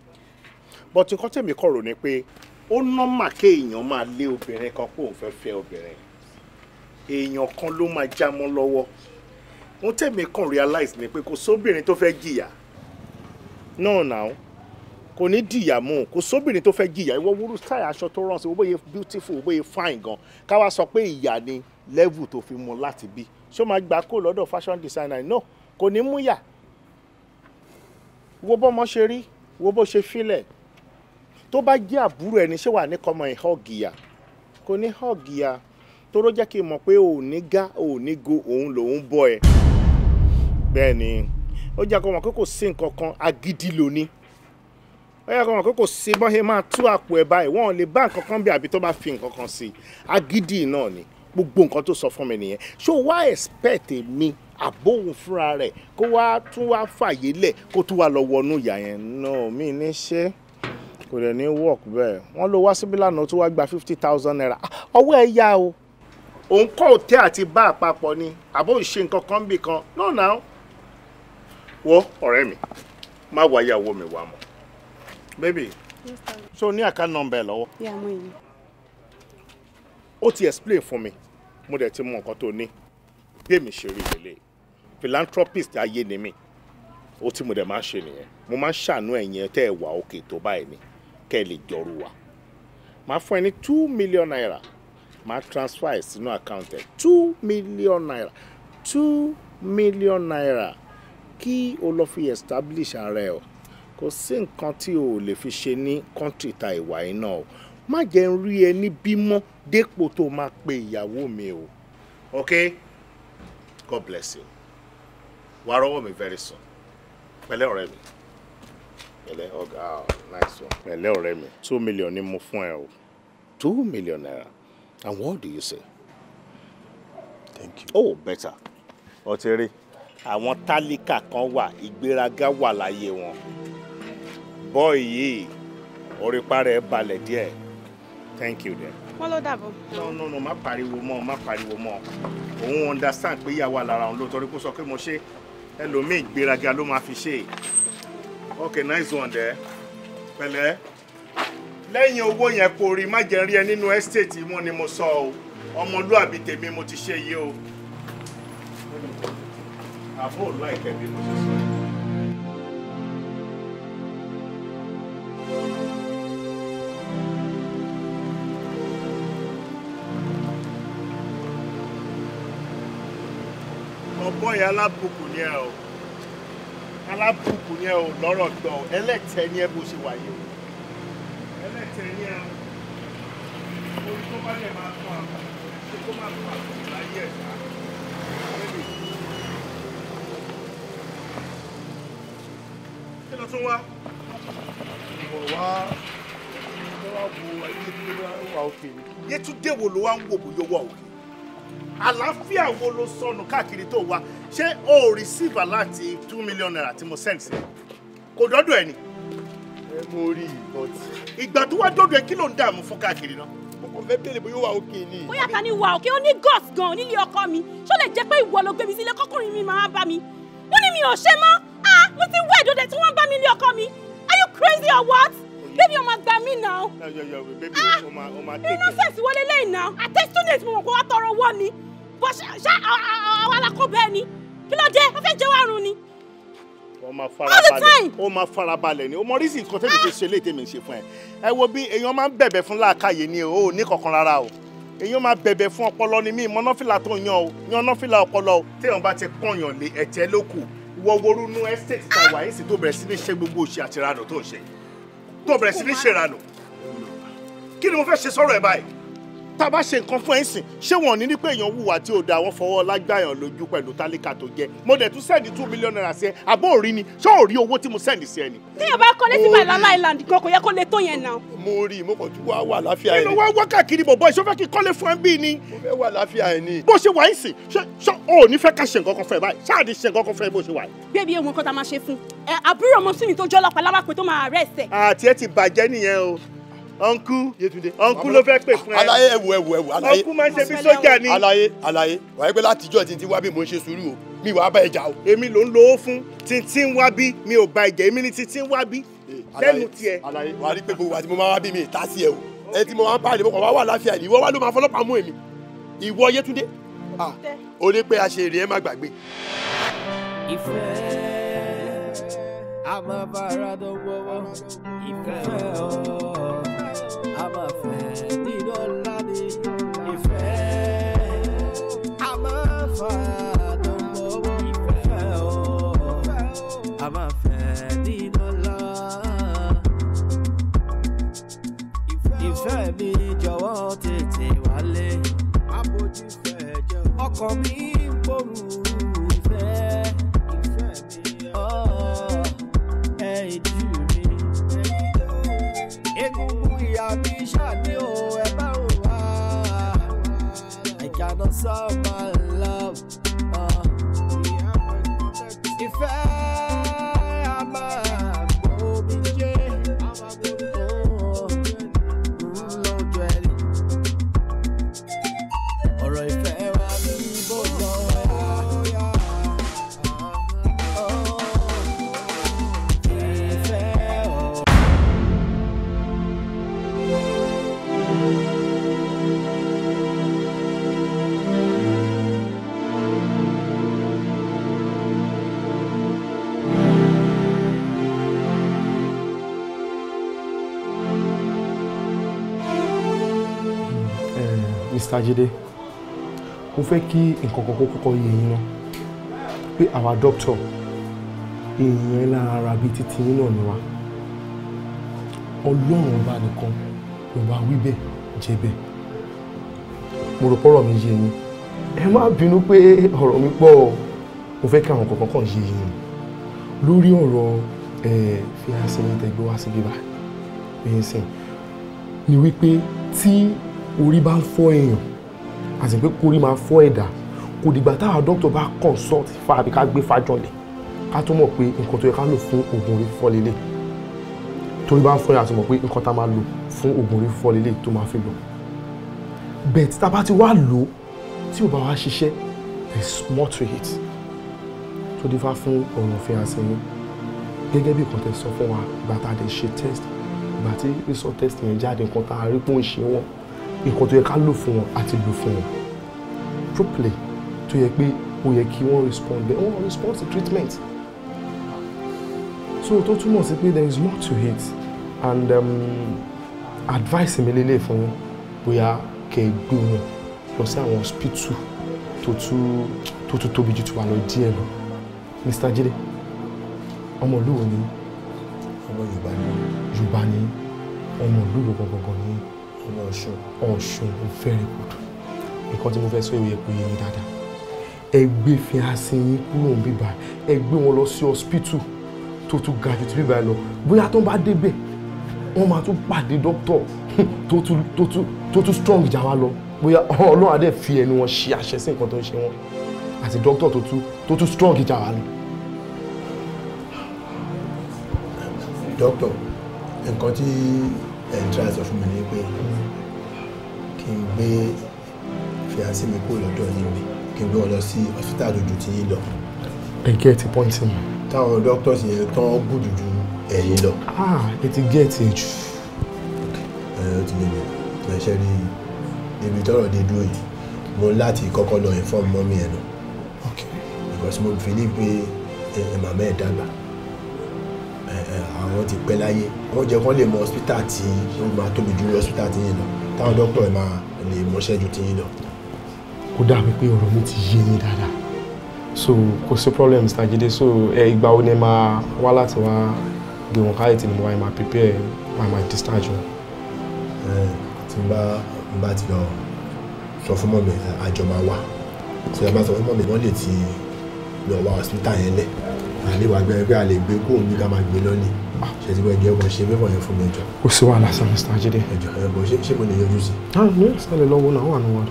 but nǹkan tèmi kọ̀ rò ni pé ó nọ́mà kéèyàn máa lé obìnrin kan kó òun fẹ́ fẹ́ obìnrin èèyàn kan ló máa já mọ́ lọ́wọ́ ohun tèmi kàn realize ni pé kò sóbìnrin tó fẹ́ jìyà náà náà kò ní dìyà mú kò sóbìnrin tó fẹ́ jìyà ìwọ wúrú style aṣọ tó rán sí owó yẹ beautiful owó yẹ fine gan ká wá sọ pé ìyà ni level tó fi mu láti bí ṣó máa gbà kó lọ́dọ̀ fashion designer no kò ní mú yà wo bọ́mọ ṣe rí wo bó ṣe fílẹ̀ tó bá jẹ́ àbúrò ẹni ṣé wà ní kọ́mọ ẹ̀ họ́ọ̀gìyà kò ní họ́ọ̀gìyà tóró jẹ́ kí n mọ̀ pé òun ní gá go òun lòun bọ́ ẹ bẹ́ẹ̀ ni ó jẹ́ kó mọ̀ pé kò sí nǹkan kan agídí lóní ó yẹ kó mọ̀ pé kò sí bọ́n ṣe máa tú àpò ẹ̀ báyìí wọ́n lè bá nǹkan kan bí àbí tó bá fi nǹkan kan sí i agídí náà ni gbogbo nǹkan tó sọ fún mi nìyẹn ṣó wá expect mi àbóhùn fúnra rẹ̀ kó wá tún wá fàyè lẹ̀ kó tún wá lọ wọnú ìyá yẹn náà mi ní ṣe kò dẹ̀ ní work bẹ́ẹ̀ wọ́n ló wá síbí lánàá tó wá gba fifty thousand naira ah, ọwọ́ ẹ̀ yá o òun kọ́ òtẹ́ àti bá àpapọ̀ ni àbó ìṣe nǹkan kan bì kan náà náà wọ ọ̀rẹ́ mi má wá ìyàwó mi wá mọ́ baby so ní àká nọ́mbà ẹ lọ́wọ́ ó ti explain fún mi mo dẹ̀ ti mọ nǹkan tó ní bẹ́ẹ̀ mi ṣe rí lélẹ̀ philanthropist ayé ni mi ó tí mo dẹ̀ máa ń ṣe nìyẹn mo máa ń ṣàánú ẹ̀yin tẹ́ ẹ wà òkè tó báyìí ni kẹ́ ẹ lè jọrù wa màá fún ẹ ní two million naira màá transfer ẹ sínú àkáǹtì ẹ two million naira two million naira kí o lọ fi establish ara ẹ o kò sí nǹkan tí o lè fi ṣe ní kọ́ńtì ta ìwà yìí náà o má jẹ́ ń rí ẹ ní bímọ dépò tó máa pe ìyàwó mi o okay god bless you wàá rọwọ́ mi very soon pẹ̀lẹ́ ọ̀rẹ́ mi pẹ̀lẹ́ ọ̀gá nice one pẹ̀lẹ́ ọ̀rẹ́ mi two million ni mo fún ẹ o two million naira and what do you say. thank you. oh better ọtí rí àwọn tálíkà kan wà ìgbéraga wà láyé wọn bọ́ọ̀ yìí orípa rẹ̀ balẹ̀ díẹ̀ thank you then. wọ́n ló dàbọ̀. no no no má pariwo mọ́ má pariwo mọ́ òun understand pé ìyàwó alára òun ló torí kó sọ pé mo ṣe ẹlòmíì ìgbéraga ló máa fi ṣe é okay nice one there pẹ̀lẹ́ lẹ́yìn owó yẹn kò rí má jẹ́ rí ẹ nínú estate mọ́ ni mo sọ o ọmọlúàbí tèmi mo ti ṣe yìí o àbó láìkẹ́ bí mo ṣe sọ yìí. ọ̀pọ̀ yẹn alábùkù ni ẹ o alábùkù ni ẹ ò lọ́rọ̀ gbọ́ ẹlẹ́tẹ̀ ni ẹ bó ṣe wáyé o ẹlẹ́tẹ̀ ni ẹ orí tó bá lè máa tún àpò ṣe kó máa tún àpò láyé ẹ̀dá lẹ́yìn. kí ló tún wá. ìwọ̀ wá ìwọ̀ wá wo ayé tó wá òkè. Yétúndé wo ló wá ń wò bóyá wà òkè àlàáfíà wo ló sọnù káàkiri tó wa ṣé o rìsíìfà láti two million naira tí mo send sí kò dọ́dọ̀ ẹ̀ ni. ẹ mo rí ìbọn tí. ìgbà tó wá dọ́dọ̀ ẹ kí ló ń dààmú fún káàkiri náà kò fẹ́ bẹ̀rẹ̀ bóyá wà òkè ni. bóyá ta ni wà òkè ó ní gọ́ọ̀s gan nílé ọkọ mi ṣó lè jẹ́ pé ìwọ ló gbé mi sílé kọ́kùnrin mi máa bá mi wọ́n ní mi ò ṣe mọ́ a mo ti wá ìdóde tí wọ́n bá mi nílé ọkọ mi are you crazy or what bébí ọmọ gbà mí náà. bébí ah! ọmọ take it. ìrìnà sẹ́ẹ̀sì wọlé lẹ́yìn náà àtẹ́sítúndẹ̀tì mo mọ̀ pé wàá tọrọ owó ni bọ́ ṣá àwọn alákọ̀ọ́bẹ̀ ni kí ló dé wọ́n fẹ́ jẹ́ wàrùn ni. ó máa farabalẹ̀ ó máa farabalẹ̀ ni ó mọ rísì nǹkan tẹ́lẹ̀ tó ṣe léè tèmi ṣe fún ẹ ẹ wo bí èèyàn máa ń bẹ̀bẹ̀ fún làákàyè ni o ní kankan rárá o èèyàn máa bẹ̀bẹ̀ fún ọpọlọ ni mí mọ́nọ́fìlà tó yan o yan nọ́fìlà ọpọlọ o téèyàn bá ti pọ̀yàn lé ẹ̀jẹ̀ ló wọ worunú estate ta wà yìí sì tó bẹ̀rẹ̀ sí ní ṣe gbogbo òṣì àti tó ń ṣe tó bẹ̀rẹ̀ sí ní ṣèrànù kí ni mo fẹ́ ṣe sọ̀rọ̀ ẹ̀ báyìí tá a bá ṣe nǹkan fún ẹ̀sìn ṣé wọn ò ní ní pé èèyàn wùwà tí ò da àwọn fọwọ́ lágbàyàn lójú pẹ̀lú tálíkà tó jẹ mo dẹ̀ tún sẹ́ẹ̀dì two million naira sí ẹ àbó òrí ni ṣé òrí owó tí mo sẹ́ẹ̀dì sí ẹ ni. téèyàn bá kọ́ létí báyìí lálá ìlànà kan kò yẹ kó lè tó yẹn náà. mo rí i mo kàn tún wá wà láfíà ẹ ni. inú wa wá káàkiri bọ̀ bọ́ iṣẹ́ fẹ́ kí kọ́lé fún ẹ ni. mo fẹ́ wà láfíà ẹ ni. bó ṣe wà ń sìn ṣé o ò ní fẹ́ ká ṣe nǹkan kan fún ẹ báyìí ṣáà ní ṣe nǹkan kan fún ẹ bó ṣe wà. bébí ewu nǹkan tá a máa ṣe fún àbúrò ọmọ sí mi ọ̀nkú yétúndé ọ̀nkú ló fẹ́ pè fún ẹ. alaye ẹwù ẹwù ẹwù alaye ọ̀nkú máa ń ṣe bí sójà ni. alaye alaye wà á gbé látijọ́ tí n ti wá bí mo ń ṣe sùúrù o mi wàá bá ẹ jà o. èmi ló ń lo owó fún títí wá bí mi ò bá ìjà èmi ni títí wá bí eh, lẹ́nu tiẹ̀. alaye wà á rí pé gbogbo àti mo máa wá bí mi ìta sí ẹ o ẹ tí mo máa ń pàdé mọ́kàn wá wà láfíà ìwọ wá ló máa fọlọ́pàá mú èmi ìwọ yétúndé ah, o ní pé a ṣe èrè ẹ má gbàgbé. ìfẹ́ àmàbàrà dọ́gbọ́wọ́ abafẹ́ dídọ́lá ni ìfẹ́ amáfa tó ń bọ̀wọ̀ ìfẹ́ o abafẹ́ dídọ́lá. Ìfẹ́ mi jọ̀wọ́ tètè wálé. Abojú fẹ́ jẹ́ ọkọ mi ń gbòòrò. Oh, hey, Jimmy. Hey, àbí ṣàní o ẹ bá wò wá. I cannot solve my love. Uh. Ìfẹ́. Mr. Jide mo fẹ́ kí nǹkan kan kọ́kọ́ yé yín náà pé àwa doctor èèyàn lára bíi títí yín náà ni wa ọlọ́run ọba nìkan ló bá wí bẹ́ẹ̀ jẹ́ bẹ́ẹ̀ mo rò pọ́rọ̀ mi yé yín ẹ má bínú pé ọ̀rọ̀ mi pọ̀ mo fẹ́ kí àwọn kọ̀ọ̀kan kan yé yín lórí ọ̀rọ̀ ẹ̀ fi hàn sí yín tẹ́gbẹ́ wá sí bíbá ẹ̀yìn sìn ni wípé tí orí bá ń fọ́ èèyàn àti pé kórí máa fọ́ ẹ̀dá kò dìgbà táwọn dókítà bá consult fa àbí ká gbé fàjọlẹ̀ ká tó mọ̀ pé nǹkan tó yẹ ká lò fún oògùn orí fífọ́ lélẹ̀ torí bá ń fọ́ yẹn àti mọ̀ pé nǹkan tá máa lò fún oògùn orí fífọ́ lélẹ̀ tó máa fi lò bẹ́ẹ̀ tí tá bá ti wá lò tí ò bá wá ṣiṣẹ́ there is to it tó dé fá fún ọ̀rọ̀ òfin àsẹ̀yìn gẹ́gẹ́ bí nǹkan sọ fún wa ìgbà tá ṣe test ìgbà tí test yẹn jáde nǹkan tá a rí pé ṣe wọ́n nǹkan tó yẹ ká lò fún wọn àti lò fún wọn properly tó yẹ pé ó yẹ kí wọ́n respond bẹ́ẹ̀ wọ́n respond to treatment so tó túmọ̀ sí pé there is more to it and um, advice mi lélẹ̀ fún yín bóyá kẹ́ ẹ gbé wọn lọ sí àwọn hospital tó tún tó tún tóbi jù tó wà lọ díẹ̀ lọ Mr. Jide ọmọ olúwo ni ọmọ Yorùbá ni Yorùbá ni ọmọ olúwo gangan ni ọmọ ọ̀ṣun ọ̀ṣun ló fẹ́rẹ̀ kùdù nǹkan tí mo fẹ́ sọ ìwé ẹ̀kọ́ yẹn ni dáadáa ẹ gbé fi àsìn yín kúrò ń bíbá ẹ gbé wọn lọ sí hospital tó tún ga jù tí bíbá ẹ lọ bóyá tó ń bá débẹ̀ wọ́n máa tún pàdé dókítọ̀ tó tún strong jà wá lọ bóyá ọlọ́run adé fi ẹnu wọn ṣe àṣẹ sí nǹkan tó ń ṣe wọn àti dókítọ̀ tó tún tó tún strong jà wá lọ. dókítọ̀ nǹkan tí ẹ̀ ń tíra sọ fún mi ní pé kí n gbé fìyànsí mi kúrò lọ́dọ̀ yín mi kí n gbé wọn lọ sí ọ̀sítà dúdú tí yín lọ. ẹ ti pọ́ǹtì mi. táwọn dókítọ̀sì yẹn tán gùdù ju ẹ̀yìn lọ. ah ẹ ti gẹ́ ti jù. ẹ ẹ ti lè mi ẹ ṣe rí ibi tọrọ dé dúró yìí mo láti kọ́kọ́ lọ inform mọ́mí ẹ̀ náà because mo believe pé ẹ̀ màmá ẹ̀ dàgbà àwọn ti pẹ́ láyé wọ́n jẹ́ kán lè mọ hospital tí ó máa tóbi ju hospital tí yín lọ táwọn dókítà máa lè mọṣẹ́ ju ti yín lọ. ó dà pé ọ̀rọ̀ mi ti yé yín dáadáa so kò sí problem Mr. Jide so ẹ ìgbà wo ni máa wá láti wá gbé wọn káyọ̀ ni mo wá máa prepare my my discharge wọn. tí n bá n bá ti lọ sọ fún mọ́mi àjọ máa wà tí ẹ bá sọ fún mọ́mi wọ́n lè ti lọ wá hospital yẹn lẹ̀ àlewà gbẹ́rẹ́ pé a ṣe ti gbẹgẹ ọkọ ṣe fẹfọ yẹn fún mi ẹjọ. kò sí wàhálà sá Mr. Ajide. ẹjọ ẹbọ ṣé mo lè yọjú sí. Ah, ní ìsàlẹ̀ lọ́wọ́ náà wà níwọ̀n.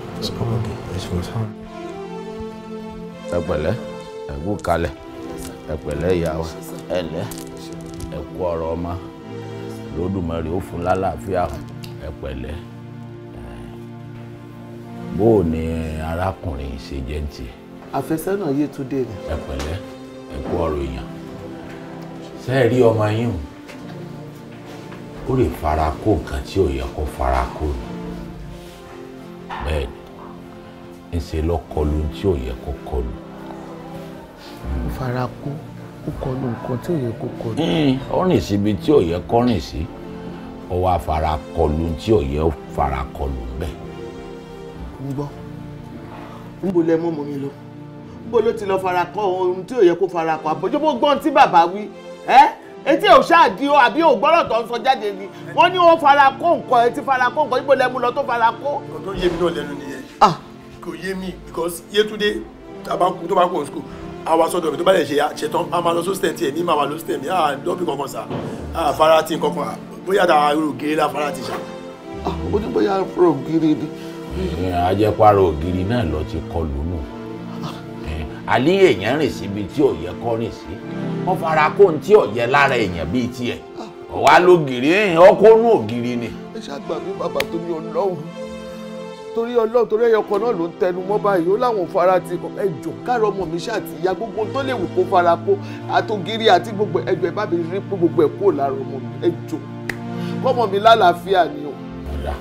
ẹpẹ̀lẹ́ ẹkú kalẹ̀ ẹpẹ̀lẹ́ ìyá wa ẹlẹ ẹkú ọ̀rọ̀ ọmọ lódùmarè ó fún lálàáfíà ẹpẹ̀lẹ́ bó o ní arákùnrin ṣe jẹ́ ń tiẹ̀. àfẹsẹ́nà Yétúndé ni. ẹpẹ̀lẹ́ ẹkú ọ̀rọ̀ èèyàn ṣe é rí ọmọ yín ó lè fara kó nǹkan tí ò yẹ kó fara kó ni bẹ́ẹ̀ ni ń ṣe lọ kọlu tí ò yẹ kó kọlu. ó hmm. fara kó ó kọlu nǹkan tí ò yẹ kó kọlu. Hmm, ó rìn síbi tí ò yẹ kó rìn sí ó wá fara kọlu tí ò yẹ fara kọlu ń bẹ. ń gbọ́ ń bolẹ̀ mọ́ mọ́ mi lọ bó ló ti lọ fara kọ ohun tí ò yẹ kó fara kọ àbójúbó gbọ́n tí bàbá wí ẹ́ etí ò ṣáàdì o àbí ò gbọ́dọ̀ tó ń sọ jáde ni wọ́n ní wọ́n fara kó nǹkan ẹ ti fara kó nǹkan níbo lẹ́mu lọ tó fara kó. kò tó yé mi náà lẹ́nu nìyẹn kò yé mi because Yétúndé tabaku tó bá kó school àwa sọ́dọ̀ mi tó bá lè ṣe ṣetán a máa lọ sósítẹ̀ tiẹ̀ ní màá wà lósítẹ̀ mi àà dọ́bì kankan sà àà farati kankan bóyá dáa irú ògiri la farati sà. ó ní bóyá fúrò ògiri ni. ajẹ́pàrọ̀ ògiri náà lọ ti kọlù nù àlíyè yẹn rìn síbi tí ò yẹ kọ́ rìn sí wọ́n fara kó ohun tí ọ̀yẹ́ lára èèyàn bíi tiẹ̀ ọ̀wá ló gìrì èèyàn ọkọ̀ọ́nù ògiri ni. ẹ ṣàgbà mi bàbá torí ọlọ́run torí ọlọ́run torí ẹyọkọ náà ló ń tẹnu mọ́ báyìí ó láwọn fara ti ẹ jọ káàrọ̀ ọmọ mi ṣàtìyá gbogbo tó lè wù kó fara kó àtògiri àti gbogbo ẹjọ ẹ bá mi rí gbogbo ẹ kó lára ọmọ mi ẹ jọ mi lálàáfíà ni o. ọ̀dà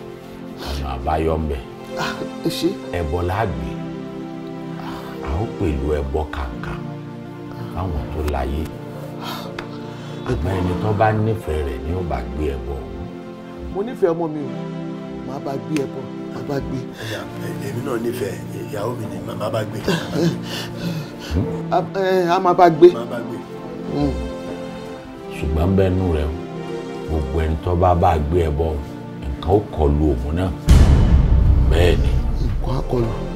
àbáyọ ń bẹ ah, ẹbọ láàgbé a ó ẹbọ kàǹkàǹ káwọn tó láyé gbogbo ẹni tó bá nífẹ̀ẹ́ rẹ̀ ni ó bá gbé ẹ bọ̀. mo nífẹ̀ẹ́ ọmọ mi o màá bá gbé ẹ bọ̀ màá bá gbé. èmi náà nífẹ̀ẹ́ ìyàwó mi ni màá bá gbé. Hm? Eh, a máa bá gbé. Hmm. ṣùgbọ́n bẹ́ẹ̀nu rẹ̀ gbogbo ẹni tó bá bá gbé ẹ bọ̀ nǹkan ó kọlu òun náà bẹ́ẹ̀ ni.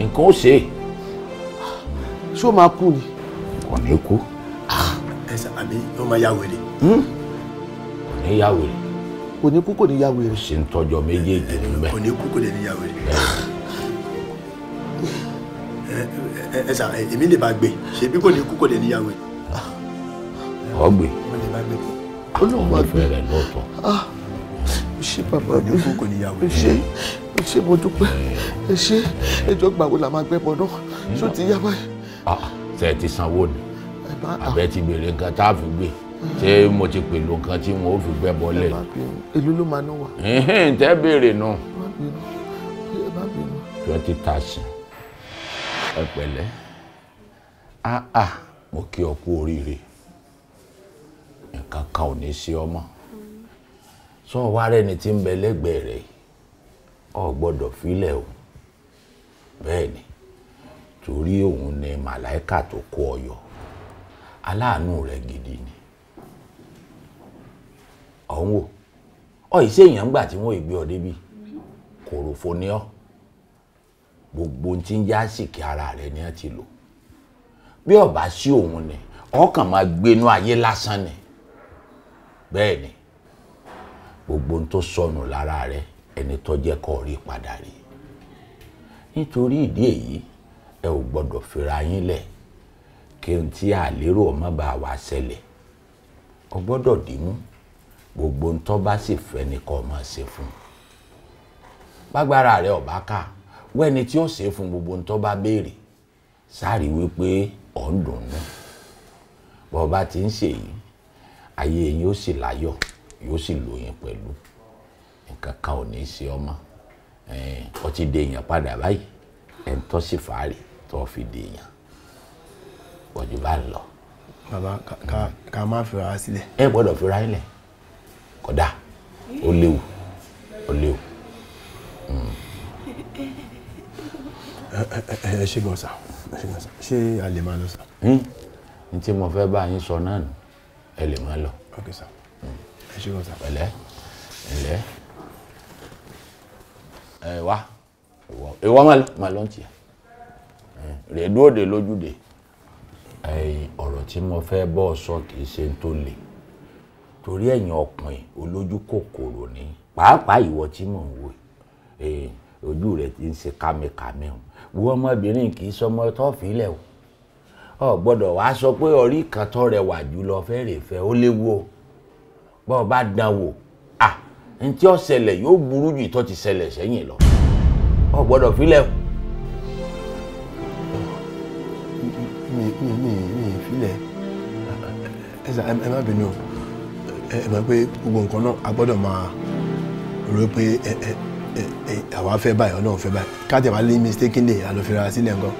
nǹkan ó ṣe. ṣé ó máa kú ni. Ah, hmm? kò ní kú. ẹ ṣe àbí yóò máa ya wèrè. kò ní ya wèrè. kò ní kú kò ní ya wèrè. ṣe ń tọjọ méjèèjì níbẹ̀. kò ní kú kò ní ya wèrè. ẹ ẹ ṣe èmi lè bá gbé ṣe bí kò ní kú kò ní ya wèrè. ọgbẹ olóògbé fẹ́ rẹ̀ lọ́tọ̀. ẹ ṣe bàbá mi ẹ ṣe ẹ ṣe mo dúpẹ́ ẹ ṣe ẹjọ́ gbàgbọ́ la máa gbẹ́bọ̀ náà ṣó ti yá báyìí. Ah, ṣe ti sanwó ni àbẹ ti béèrè nǹkan tá a fi gbé ṣé mo ti pèlò nǹkan tí wọn ò fi gbẹ bọlẹ. èlò ló máa ná wa. tẹ́ béèrè nù. twenty thousand ẹ pẹ̀lẹ́ áá mo kí ọ kú oríire nǹkan kan ò ní ṣe ọmọ sọ wá rẹni tí ń bẹ lẹ́gbẹ̀ẹ́ rẹ̀ o gbọ́dọ̀ filẹ̀ o bẹ́ẹ̀ ni torí òun ni màláìkà tó kó ọyọ aláàánú rẹ gidi ni ọ̀hún wò ọ ìṣe èèyàn gbà tí wọ́n ìgbé ọ débi kòròfo ni ọ gbogbo ohun tí ń já sìkì ara rẹ ni ẹ ti lò bí ọba sí òun ni ọkàn máa gbénú ayé lásán ni bẹ́ẹ̀ ni gbogbo ohun tó sọnù lára rẹ ẹni tó jẹ́ kó rí padà rí nítorí ìdí èyí ẹ ò gbọ́dọ̀ fira yín lẹ̀ kí n tí àlérò ọmọ bá wa ṣẹlẹ̀ o gbọ́dọ̀ dìímú gbogbo ń tọ́ bá sì fẹ́ ni kó máa ṣe fún un bágbára rẹ ọ̀bá ká wẹ́ni tí ó ṣe fún gbogbo ń tọ́ bá béèrè sáré wípé ọ̀ ń dùnnú bọ́ọ̀bá ti ń ṣe yìí ayé yín ó sì láyọ̀ yóò sì lóyún pẹ̀lú nǹkan kan ò ní í ṣe ọmọ ọtí dèèyàn padà báyìí ẹ̀ ń tọ́ sí fàárì tó fi dèèyàn pọ̀jù bá ń lọ. bàbá ká ká má fira wá sílẹ̀. ẹ gbọ́dọ̀ fira ilẹ̀ kódà ó léwu ó léwu. Hmm. ẹ ṣe gan sa ṣé a lè máa lọ sa. Hmm. n tí mo fẹ́ bá yín sọ náà nù ẹ lè máa lọ. ok sa hmm. ẹ ṣe gan sa. pẹ̀lẹ́ pẹ̀lẹ́ ẹ wá ìwọ ìwọ máa lọ máa lọ ń tiẹ̀ rèé dóòdè lójúde. ẹ̀yin ọ̀rọ̀ tí mo fẹ́ bọ́ sọ kì ṣe tó le torí ẹ̀yin ọkùnrin olójú kòkòrò ni pàápàá ìwọ tí mò ń wò ojú rẹ ti ń ṣe kámẹ́kámẹ́ o wo ọmọbìnrin kì sọmọ tọ́ọ̀fì o ọ gbọ́dọ̀ wá sọ pé orí kan tó rẹwà jùlọ fẹ́rẹ̀fẹ́ ó léwu o bọ́ ọ bá dán wò à ntí ó yóò burú jù tó ti ṣẹlẹ̀ sẹ́yìn lọ ọ gbọ́dọ̀ fílẹ̀ o. mi mi mi ìfilẹ̀ ẹ ṣá ẹ má bínú ẹ mọ̀ pé gbogbo nǹkan náà a gbọ́dọ̀ máa rò pé ẹ ẹ ẹ àwa fẹ́ báyìí ọlọ́run fẹ́ báyìí káàtì àwa lé mistake lè àlọ́fẹ́ra sílẹ̀ nǹkan.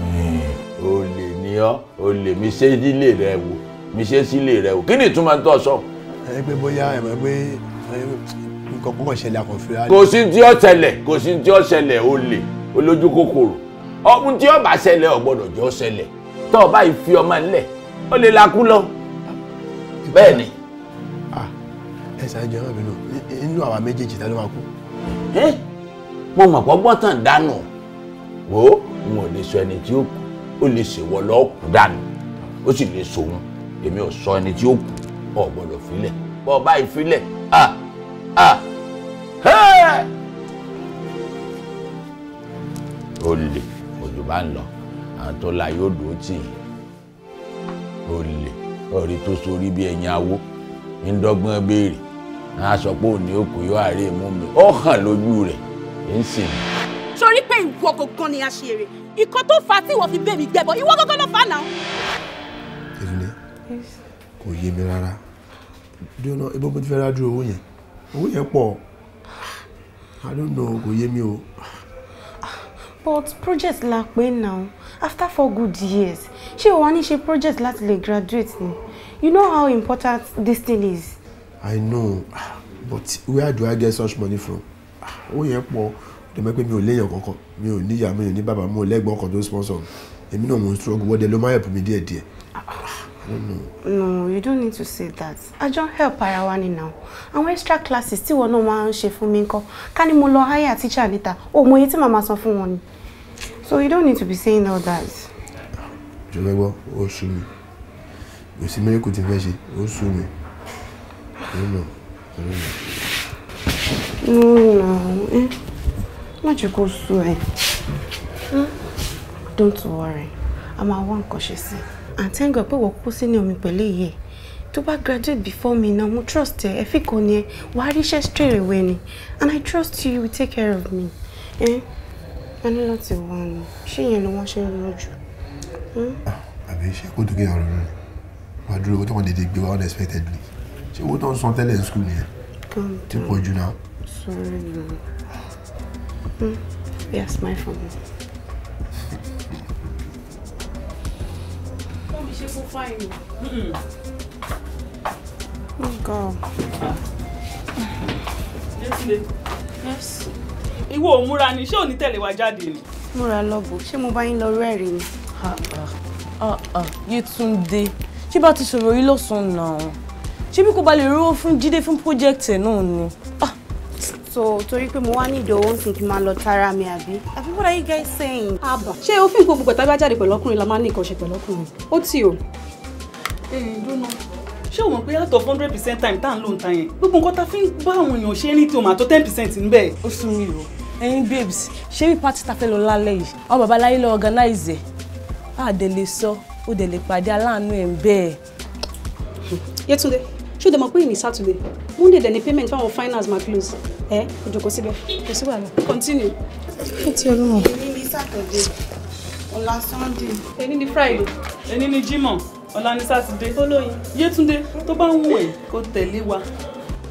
Hmm, o lè ní ọ o lè mi ṣe sílé rẹ wò mi ṣe sílé rẹ wò kí ni ìtumọ̀ ń sọ. ẹ pé bóyá ẹ mọ̀ pé nǹkan kọ́kọ́ ṣẹlẹ̀ àkànfẹ́. kò sí tí ó ṣẹlẹ̀ kò sí tí ó ṣẹlẹ̀ o lè olójú kòkòrò ọ̀hún tí ó bá ṣẹlẹ̀ ó jọ ṣẹlẹ̀ tọ́ ọ báyìí fi ọmọ ńlẹ̀ ó lè lakú lọ bẹ́ẹ̀ ni. Ah, ẹ ṣáájú ẹ má bínú inú àwa méjèèjì ta ló máa kú. mo mọ̀ pọ́ gbọ́tàn dànù wo n ò lè sọ ẹni tí ó kú ó lè ṣèwọ lọ́ọ́ kú dànù ó sì lè sòun èmi ò sọ ẹni tí ó kú ọ gbọ́dọ̀ filẹ̀ bọ́ báyìí filẹ̀ ah ah ó lè òjò bá ń lọ àtọ́lá yóò dùn ó tì í olè ọ̀rí tó sorí bí ẹ̀yìn awó ń dọ́gbọ́n béèrè náà sọ pé òní òkú yóò àárẹ̀ mú mi ó hàn lójú rẹ̀ ń sìn. sọrí pé ìwọ gangan ni a ṣe eré ìkan tó fà á tí ìwọ fi bẹ́ẹ̀ mi gbẹ́bọ ìwọ gangan ló fà á náà. ìrìlẹ̀ kò yé mi rárá dúró ibo bó ti fẹ́ rá owó yẹn owó yẹn pọ̀ I don't know kò yé mi o. but project la pé náà after four good years ṣé o wá ní ṣe project láti lè graduate ni you know how important this thing is. i know but where do i get such money from ó yẹn pọ̀ tẹmẹ pé mi ò léèyàn kankan mi ò níyà mi ò ní bàbá mi ò lẹ́gbọ́n kan tó sponsor èmi náà mo ń struggle wọ́n dẹ ló máa help mi díẹ̀ díẹ̀. no you don't need to say that i just help ara wa ni now àwọn extra classes tí wọn náà máa ń ṣe fún mi ńkọ́ ká ní mo lọ hire teacher níta òun mo yẹ tí màmá san fún wọn ni. So you don't need to be saying all that. Jọ̀wọ́ gbọ́, ó sú mi. Kò sí mẹ́ríkù tí fẹ́ ṣe, ó sú mi. No, no. Nínú, eh. ẹ́ má jẹ́ kó sú ẹ. Don't worry, I'm a máa wá nǹkan ṣe sí. Àtẹ́ǹgọ̀ pé wọ́n kú sínú omi pẹ̀lú ìyẹ́ To bá graduate before me now mo trust ẹ ẹ fi kàn ní ẹ wàá ríṣẹ́ straight away ni and I trust you you will take care of me. Eh? a ní láti wá ni ṣé ìyẹn ni wọ́n ṣe ń rọ́jú. Hmm? Ah, àbí ṣé kó dúkìá ọ̀rọ̀ rẹ̀ wà á dúró owó tó wọ́n dédé gbé wá unexpectedly ṣé owó tó ń san tẹ́lẹ̀ ní school nìyẹn ti pọ̀ jù náà. sorry na mm. yes my phone. omi ṣe kó fáìlì. nǹkan. Hmm. Oh, yes. yes ìwọ ò múra ni ṣé ò ní tẹ̀lé wa jáde ni. múra lọ́bù ṣé mo bá yín lọ rẹ́rìn ni. Ah, ah, ah, Yétúndé ṣé bá ti sọ̀rọ̀ yìí lọ́sàn-án náà ṣé bí kò bá lè rówó fún Jídé fún pọ́jẹ́kìtì náà ni. so torí pé mo wá ní ìdòwò nǹkan kí n máa lọ tara mi àbí. àbí what are you guys saying. àbọ̀ ṣé òfin gbogbo pẹ̀tà bá jáde pẹ̀lú ọkùnrin la máa ní ìkànṣe pẹ̀lú ọkùnrin ó tì o. ẹ ẹ dúró ṣé o mọ̀ pé out of hundred percent time tá à ń lò ń ta yẹn gbogbo nǹkan ta fi ń bá àwọn èèyàn ṣe é ní tí o máa tó ten percent níbẹ̀. ó sún mi o ẹyin babes ṣé bí pátí ta fẹ́ lọ lálẹ́ yìí àwọn babaláyé lọ organize ẹ̀ àdèlè sọ ó dẹ̀ lè pàdé aláàánú ẹ̀ ń bẹ́ẹ̀. Yétúndé ṣé o dẹ̀ mọ̀ pé ìní sátúndé Monday dẹ̀ ni payment fáwọn finance máa close ẹ̀ kò jòkó síbẹ̀ kò sí wàhálà continue. ẹ ti ọlọ́run. èyí ni sátọ̀dé ọ̀la sunday. èyí ni friday. èyí ni jímọ̀ ọ̀la ni sátidé. olóyin Yétúndé tó bá ń wù ẹ́ kó tẹ̀lé wa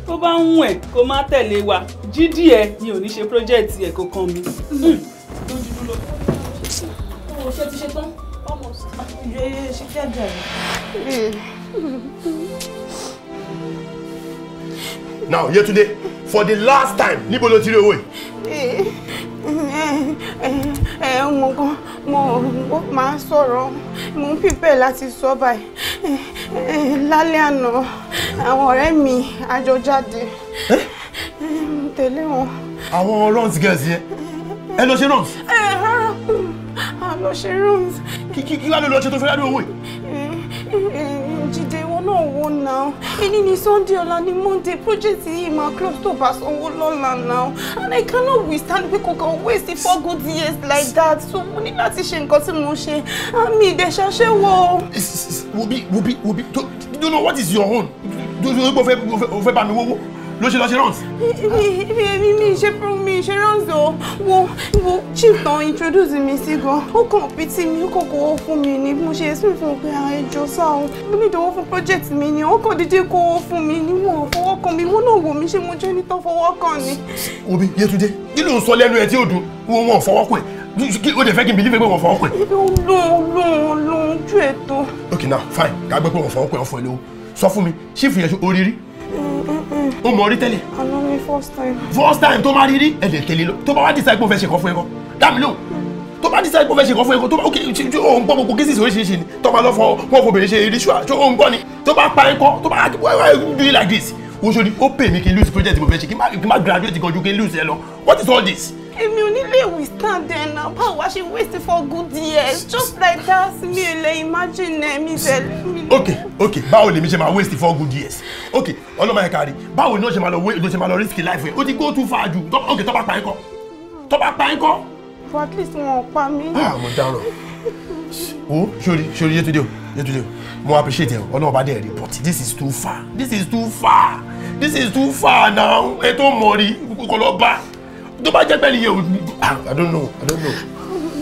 tó bá ń wù ẹ́ kó má tẹ̀lé wa dídí ẹ ni ò ní ṣe project ẹ kankan mi. Hmm. o ṣe hmm. now Yetunde for the last time níbo ló ti rí owó yìí. ẹ eh, ẹ eh, mo gan mo mo máa sọ̀rọ̀ mo ń pípẹ́ láti sọ báyìí eh, lálẹ́ àná àwọn ọ̀rẹ́ mi àjọ jáde mo tẹ̀lé wọn. àwọn runs girls yẹn ẹ lọ ṣe runs. ẹ rárá a lọ ṣe runs. kí kí kí wàá lọ lọ ṣe tó fẹ́ rárá owó yìí jíde ìwọ náà wò náà ẹni ní sunday ọ̀la ní monday project yìí máa close tó bá sanwó lọ́la náà and i cannot withstand pé kò kàn waste four good years like that so mo ní láti ṣe nǹkan tí mo ṣe àmì ìdẹ̀ṣàṣẹ́ wo. wobi wobi wobi don't know what is your own do you know o fẹ́ bá mi wọ́wọ́ ló ṣe lọ ṣe runs. mi mi ṣe fún mi ṣe runs o wo wo chief tán introduce mi sí gan ó kàn pítí mi ó kàn kó owó fún mi ni mo ṣe èsì fún pé àwọn ah, ẹjọ sáà mo ní ìdánwò fún project mi ni ó kàn dídí kó owó fún mi ni wọn ò fọwọ́ kan mi wọn náà wò mí ṣé mo jẹ́ nítorí fọwọ́ kan ni. obi Yétúndé kí ló ń sọ lẹ́nu ẹ tí ò dùn wọn ò fọwọ́ kàn ẹ o de fẹ́ kí n believe pé wọn fọwọ́ kàn ẹ. lóun lóun lóun ju ètò. okay now fine kàgbẹ́ pé wọn fọwọ́ kàn ẹ wọn fọ ẹ lówó sọ fún mi ṣífù yẹn oríire o mọ̀ rí tẹ́lẹ̀. àná ni first time. first time tó máa rí rí ẹ̀ lè tẹ̀lé lọ tó bá wá decide pé o fẹ́ ṣe kọ́ fún ẹ̀kọ́ dáàmì lóhùn tó bá decide pé o fẹ́ ṣe kọ́ fún ẹ̀kọ́ tó bá ok ṣe òun gbọ́ gbogbo cases oríṣiríṣi ni tó bá lọ fọ wọn fò bèrè ṣe ritual ṣe òun gbọ́ ni tó bá pa ẹ̀kọ́ tó bá why why you do it like this? o ṣòdi ó pè mí kí n lose project mo fẹ́ ṣe kí n má graduate gan ju kí n lose ẹ lọ what is all this? èmi ò ní lè withstand ẹ̀ náà báwo wá ṣe waste for good years just like that mi ò lè imagine ẹ̀ mi bẹ̀ mi. ok ok báwo lèmi ṣe máa waste for good years ok ọlọ́mọ ẹ̀ka rí báwo ni wọ́n ṣe máa lọ ló ṣe máa lọ risky life ẹ̀ ó ti go too far ju ok tó bá pa ẹ̀ kọ́ tó bá pa ẹ̀ kọ́. for at least wọn ò pa mí. ah mo dáràn o sori sori yetude o yetude o mo appreciate ẹ ọlọ́run bá dẹ̀ report this is too far this is too far this is too far now ẹ tó mọ̀ rí kò lọ bá tó bá jẹ́ pẹ́ẹ́lí yẹn ò I don't know I don't know.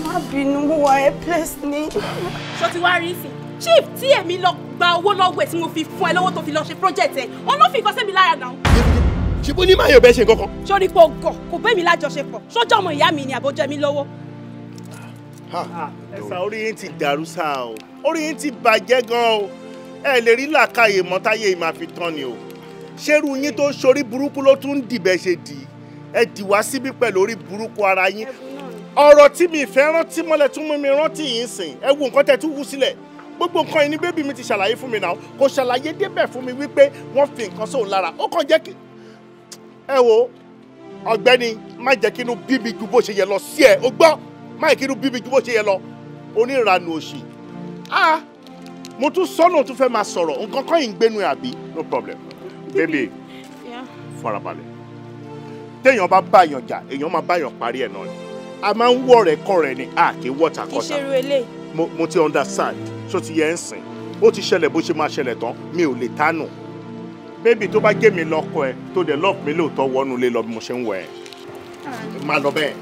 má bínú mo wà helpless ni. sọ ti wá rí sí chief tí èmi lọ gba owó lọ́wọ́ ẹ̀ tí mo fi fún ẹ lọ́wọ́ tó fi lọ ṣe project ẹ̀ ọlọ́fin kan sẹ́mi lára náà. ṣé bó ní máa yọ̀ bẹ́ẹ̀ ṣe nǹkan kan. sọ́ni pé o gọ̀ kò bẹ́ẹ̀ mi lájọṣepọ̀ sọ́jà ọmọ ìyá mi ni àbójẹ́ mi lọ́wọ́ ah, ẹ̀sà orí yín ti dàrú sáà o orí yín ti bàjẹ́ gan o ẹ lè rí làkàyè mọ́táyé ìmàfitán ni o ṣerú yín tó ṣorí burúkú ló tún dìbẹ̀ ṣe dì í ẹ dì wá síbí pẹ̀lú orí burúkú ara yín ọ̀rọ̀ tí mi fẹ́ rántí mọ́lẹ̀ tún mú mi rántí yìí sìn ẹ wo nǹkan tẹ́ tún wú sílẹ̀ gbogbo nǹkan yìí ni bébí mi ti ṣàlàyé fún mi náà kò ṣàlàyé débẹ̀ fún mi wípé wọ́n fi nǹkan sóun lára ó kàn jẹ́ kí ẹ wo ọ̀gbẹ́ni má jẹ́ kí inú bí mi ju bó ṣe yẹ lọ sí ẹ o gbọ́ má jẹ́ kí inú bí mi ju bó ṣe yẹ lọ onírànù òṣì ah mo tún sọ́nà tún fẹ́ máa sọ̀rọ̀ nǹkan kan yìí ń gbénu àbí no problem baby farabalẹ̀ téèyàn bá báyàn jà èèyàn máa báyàn parí ẹ̀ náà ni a máa ń wọ̀ rẹ̀ kọ́ rẹ̀ ni a kì í wọ̀tà kọ́ta ìṣerú eléyìí. mo ti understand tó ti yẹ ń sìn ó ti ṣẹlẹ̀ bó ṣe máa ṣẹlẹ̀ tán mi ò lè tánù bébì tó bá gé mi lọ́kọ ẹ tó dẹ̀ lọ́ọ̀pù mi lóòótọ́ wọnú lé lọ bí mo ṣe ń wọ ẹ má lọ bẹ́ẹ̀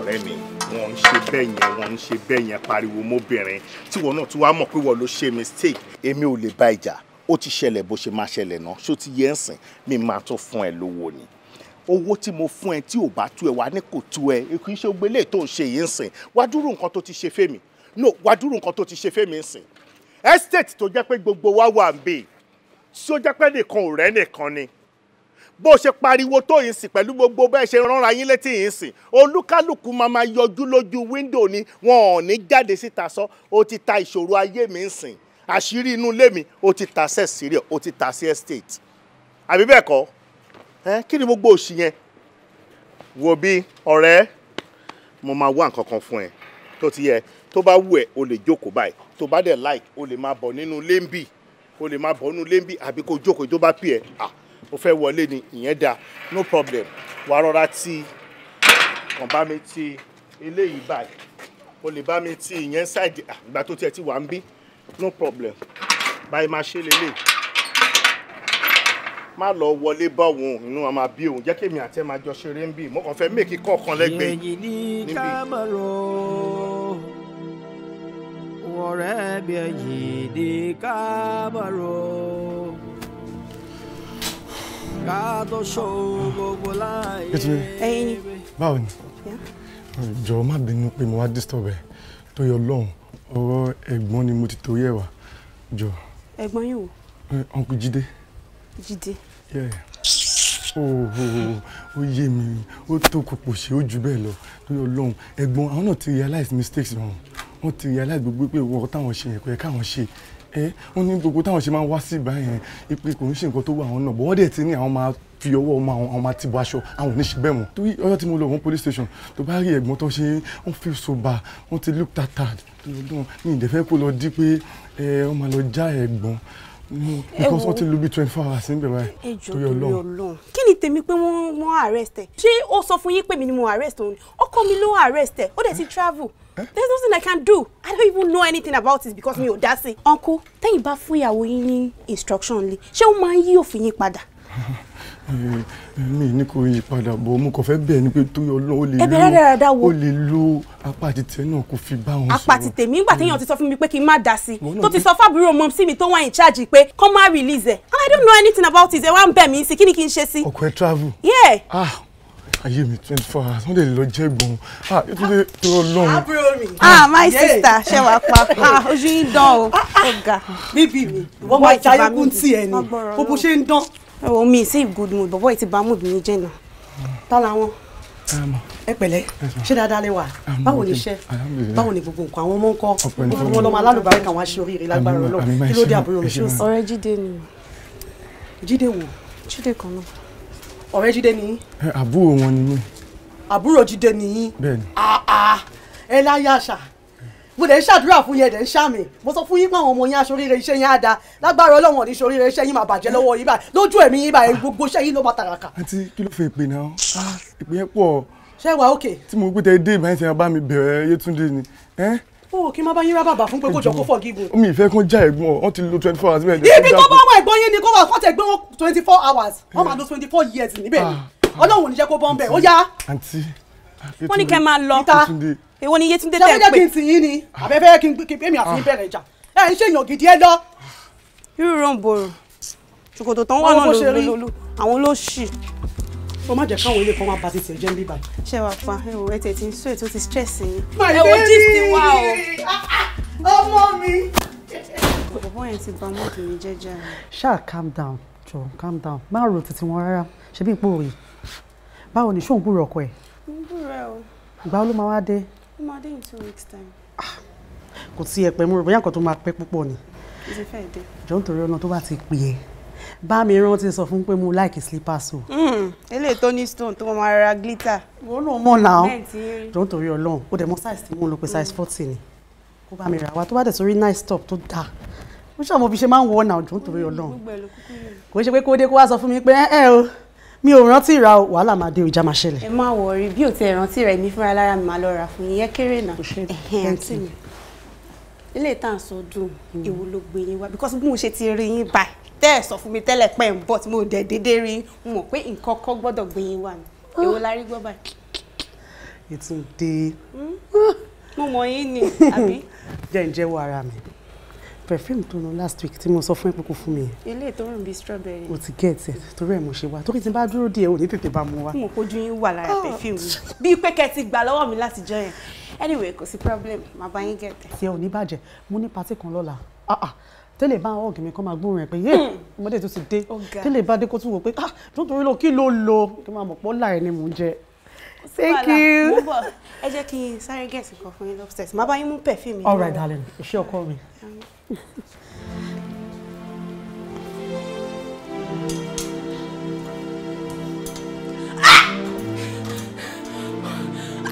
ọ̀rẹ́ mi wọ́n ń ṣe bẹ́ẹ̀ yẹn wọ́n ń ṣe bẹ́ẹ̀ yẹn pariwo mọ́bìnrin tí wọn náà ti wá mọ̀ pé wọ́n ló ṣe mistake èmi ò lè bá ìjà ó ti ṣẹlẹ̀ bó ṣe máa ṣẹlẹ̀ náà ṣó ti yẹ ń sìn mi máa tún fún ẹ lówó ni owó tí mo fún ẹ tí ò bá tú ẹ wá ní kò tú ẹ kì í ṣe gbogbo eléyìí tó ń ṣe yìí ń sìn wá dúró nǹkan tó ti ṣe fẹ́mi no wá dúró nǹkan tó ti ṣe fẹ́mi ń sìn estate tó jẹ́ pé gbogbo wa wà ń bè tí ó jẹ́ pé nìkan ò rẹ́ nìkan ni bó ṣe pariwo tó yìí sìn pẹ̀lú gbogbo bẹ́ẹ̀ ṣe ránra yín létí yìí sìn olúkálùkù máa máa yọjú lójú wíńdò ni wọn ò ní jáde síta sọ ó ti ta ìṣòro ayé mi ń sìn àṣírí inú ilé mi ó ti ta sẹ́ẹ̀ sírí ó ti ta sí estate àbí bẹ́ẹ̀ kọ́ ẹ kí ni mo gbọ́ òṣì yẹn wo bí ọ̀rẹ́ mo máa wá nǹkan kan fún ẹ tó ti yẹ tó bá wù ẹ o lè jókòó báyìí tó bá dẹ̀ like o lè máa bọ̀ nínú lẹ́ńbì o lè máa bọ̀ nínú lẹ́ńbì àbí kó jókòó tó bá pì ẹ́ à o fẹ́ wọlé ni ìyẹn dáa no problem wàá rọra ti kàn bá mi ti eléyìí báyìí o lè bá mi ti ìyẹn ṣáìdì àgbà tó tiẹ̀ ti wà ń bí no problem báyìí máa ṣe lélẹ́yìí má lọ wọlé bá òun inú wa máa bí òun jẹ́ kí èmi àti ẹ̀ máa jọ ṣeré ń bì mo kàn fẹ́ mèkì kọ̀ọ̀kan lẹ́gbẹ̀ẹ́ níbi. ọ̀rẹ́ bí ẹ̀yìn ní kábàárọ̀ ká tó ṣó gbogbo láàyè. ẹyin báwo ni jọ̀wọ́ má bínú pé mo wá disturb ẹ tó yọ lọ́hùn ọ̀rọ̀ ẹ̀gbọ́n ni mo ti torí ẹ̀ wá jọ. ẹ̀gbọ́n yìí wò. ọ̀nkú jíde. Jídé. Oh, oh, oh, ó yé mi ó tó kòpò ṣe ó jù bẹ́ẹ̀ lọ lórí ọlọ́run ẹ̀gbọ́n àwọn náà ti realize mistakes wọn wọ́n ti realize gbogbo pé ìwọ táwọn ṣe yẹn kò káwọn ṣe ẹ wọ́n ní gbogbo táwọn ṣe máa wá sí ìbáyẹn ipe kò ń ṣe nǹkan tó wà àwọn náà bọ́ọ̀dẹ̀ tí ní àwọn máa fi ọwọ́ ọmọ àwọn ọmọ àti ìbáṣọ àwọn oníṣẹ́ bẹ́ẹ̀ mọ́ torí ọjọ́ tí mo lọ wọn police station tó bá rí ẹ̀gbọ́n tó ṣe wọ́n fi soba wọ́n ti look tattered lọ́dún mi ìdẹ́fẹ́ kó lọ dí pé ẹ wọ́n máa lọ já ẹ̀gbọ́n no because wọ́n ti lu bí twenty four hours níbẹ̀ báyìí. ẹjọ torí Ọlọ́run kí ni tèmi pé wọ́n wọ́n arrest ẹ ṣé ó sọ fún yín pé mi ni mo arrest òun ọkọ mi ló arrest ẹ ó dẹ̀ ti travel eh? there's nothing i can do i don't even know anything about it because mi ò dá sí. uncle tẹ́yìn bá fún ìyàwó yín ní instruction le ṣé ó máa ń yí òfin yín padà. mi ní kò yí padà bọ̀ mo kàn fẹ́ bẹ̀ ni pé tó yọ lọ o lè lo o lè lo apá àti tẹ náà kò fi bá wọn sọ̀rọ̀. apá àti tèmi ńgbà téèyàn ti sọ fún mi pé kí n má dá sí i tó ti sọ fábúrò mọ sí mi tó wà in charge pé kó má release ẹ ah, I don't know anything about it ẹ wá ń bẹ̀ mí sí kí ni kí n ṣe sí. ọkọ ẹ travel. yeah. ah ayé mi twenty four hours wọ́n lè lọ jẹ́ gbọ́n ah ètùlẹ̀ tó lọ́run. ah my sister ṣe wà pa ah ojú yín dán o. Ah, ah, ọ̀gá bíbí mi ìwọ́n máa jayé kún tiẹ̀ ni bó ṣe ń dán o mi sí good mood but bọ̀bọ̀ ti bad mood mi jẹ́ náà ta làwọn ẹ pẹ̀lẹ́ ṣé dáadáa lè wà báwo ni iṣẹ́ báwo ni gbogbo nǹkan àwọn ọmọ ń kọ́ gbogbo wọn lọ́mọ alálùbáríkà wọn aṣọ oríire lágbára Ọlọ́run kí ló dé àbúrò rẹ̀ ṣó sí. ọ̀rẹ́ Jídé ni Jídé wo Jídé kan náà ọ̀rẹ́ Jídé ni. àbúrò wọn ni mí. àbúrò Jídé ni yín. bẹ́ẹ̀ni. Ah, ah. ẹ láyé àṣà mo dẹ̀ ń ṣàdúrà fún yín dẹ̀ ń ṣàmì mo sọ fún yín pé àwọn ọmọ yín aṣoríire iṣẹ́ yín á da lágbára ọlọ́run òní ṣoríire iṣẹ́ yín máa bàjẹ́ lọ́wọ́ yín báyìí lójú ẹ̀mí yín báyìí gbogbo iṣẹ́ yín ló máa tàràkà. àǹtí kí ló fẹ́ ìpè náà ah, ìpè yẹn pọ̀. ṣé wàá òkè. tí mo gbé tẹ dé ìbáyìí tí bá mi bẹ̀rẹ̀ Yétúndé ni o kí n má bá yín rá bàbá fún pé kó jọ kó forgive. omi ìfẹ́ kan já ẹ̀gbọ́n wọn ti twenty four hours. ibi tó bá wọn ẹ̀gbọ́n yín ni kó wà kó twenty four hours wọn máa twenty four years níbẹ̀ ah. ọlọ́run ò ní jẹ́ kó bọ́ ń bẹ̀ ó èwo ni Yétúndé tẹ̀ ń pè. ṣé wọ́n jẹ́ kí n tì yín ni àbẹ́fẹ́ kí n pè mí àfi bẹ̀rẹ̀ ìjà ẹ̀ ń ṣèyàn gidi ẹ lọ. irú ràn bòrò ṣòkòtò tán wà náà lólólóló àwọn olóṣì. ó má jẹ́ káwọn ilé kan máa ba tètè jẹ́ ń bíbá. ṣé wàá pa ẹ wò ẹ ń sọ ètò ti stress yín. ẹ wò ah, ah, ọmọ mi. bọ̀bọ̀ yẹn ti ba mọ́ọ̀dù mi jẹ́jẹ́ rẹ̀. calm down jọ calm down má ro tètè wọn rárá ṣebí ipò òye báwo ni ṣóun gbúrò ọkọ ẹ. ń gbúrò ẹ o. ìgbà wo ló máa wá dé ó máa in two weeks time. Ah, kò tí ẹ pẹ́ mú rò bóyá nǹkan tó máa pẹ́ púpọ̀ ni. ìṣe fẹ́ dé. jọ nítorí ọ̀nà tó bá ti pè é bá mi rántí sọ fún pé mo like slippers o. Hmm, eléyìí stone to my ra glitter. wọ́n náà mọ̀ náà jọ nítorí ọlọ́run But the most size tí look lò pé size hmm. forty ni what bá mi very nice top to dáa Which I'm bí ṣe máa ń wọ̀ náà jọ nítorí ọlọ́run kò ṣe pé kó dé kó mi ò rántí ra o wàhálà máa dé ìjà máa ṣẹlẹ̀. ẹ má wọrí bí ò tiẹ̀ rántí rẹ̀ ní fúnra lára mi máa lọ rà fún yín yẹ kéré náà àǹtí mi ilé ìtàn sọ dùn ìwò hmm. ló because bí mo ṣe ti rí yín báyìí tẹ́ ẹ̀ sọ fún mi tẹ́lẹ̀ pẹ́ ń bọ̀ tí mo dẹ̀ déédéé rí mo mọ̀ pé nǹkan kan gbọ́dọ̀ gbé yín wá ni èwo la rí gbọ́ báyìí. ètò ìdè. Hmm? mo mọ̀ yín ni àbí. jẹ́ ǹjẹ́ wo ara mi perfume tó nù last week tí mo sọ fún ẹ pé kò fún mi yẹn. ilé tó rùn bíi strawberry. o ti get it torí ẹ mo ṣe wá torí tí n bá dúró díẹ̀ ò ní tètè bá mu wá. mo kojú yín wà lára ah. perfume bíi pé kẹ́ ti gbà lọ́wọ́ mi láti jọ yẹn anyway kò sí problem màá bá yín get. it. tiẹ̀ ò ní bàjẹ́ mo ní patí kan lọ́la ah, ah. tẹ́lẹ̀ bá ọ̀gì mi kọ́ máa gbóhùn rẹ̀ pé yé hmm. ọmọdé tó ti dé oh, tẹ́lẹ̀ bá dé kó tún wò pé ah tó torí lọ kí ló lo kí n máa mọ̀ pọ́ láì ni mò ń jẹ. thank you. ẹ jẹ́ kí n sáré gẹ̀ẹ́sì kan fún yín lọ́pọ̀ tẹ̀sí má bá yín mú pẹ̀fíìmù. all right darling iṣẹ́ ọkọ mi. Um, kí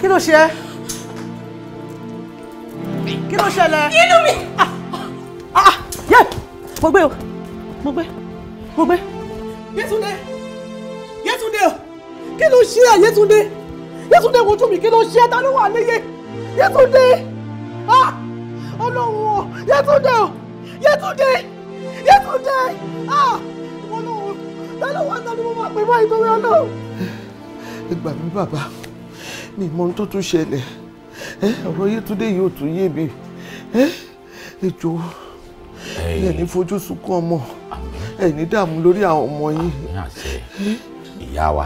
ló ṣe ẹ́ kí ló ṣẹlẹ̀. inú mi. Ah! Ah! Ah! mo gbé o mo gbé mo gbé. Yétúndé Yétúndé o kí ló ṣe ẹ́ Yétúndé Yétúndé wojú mi kí ló ṣe ẹ́ ta wà níyé Yétúndé. Ah! ọlọ́run o Yétúndé o Yétúndé Yétúndé ah ọlọ́run tẹ́lẹ̀ wá tẹ́lẹ̀ mo máa pè báyìí torí ọlọ́run. ẹ gbà mí bàbá mi mọ ohun tó tún ṣẹlẹ̀ ọ̀rọ̀ Yétúndé yìí ò tún yé mi ẹ jọ̀ọ́ ẹ ní fojú sunkún ọmọ ẹ ní dààmú lórí àwọn ọmọ yín. ìyá wa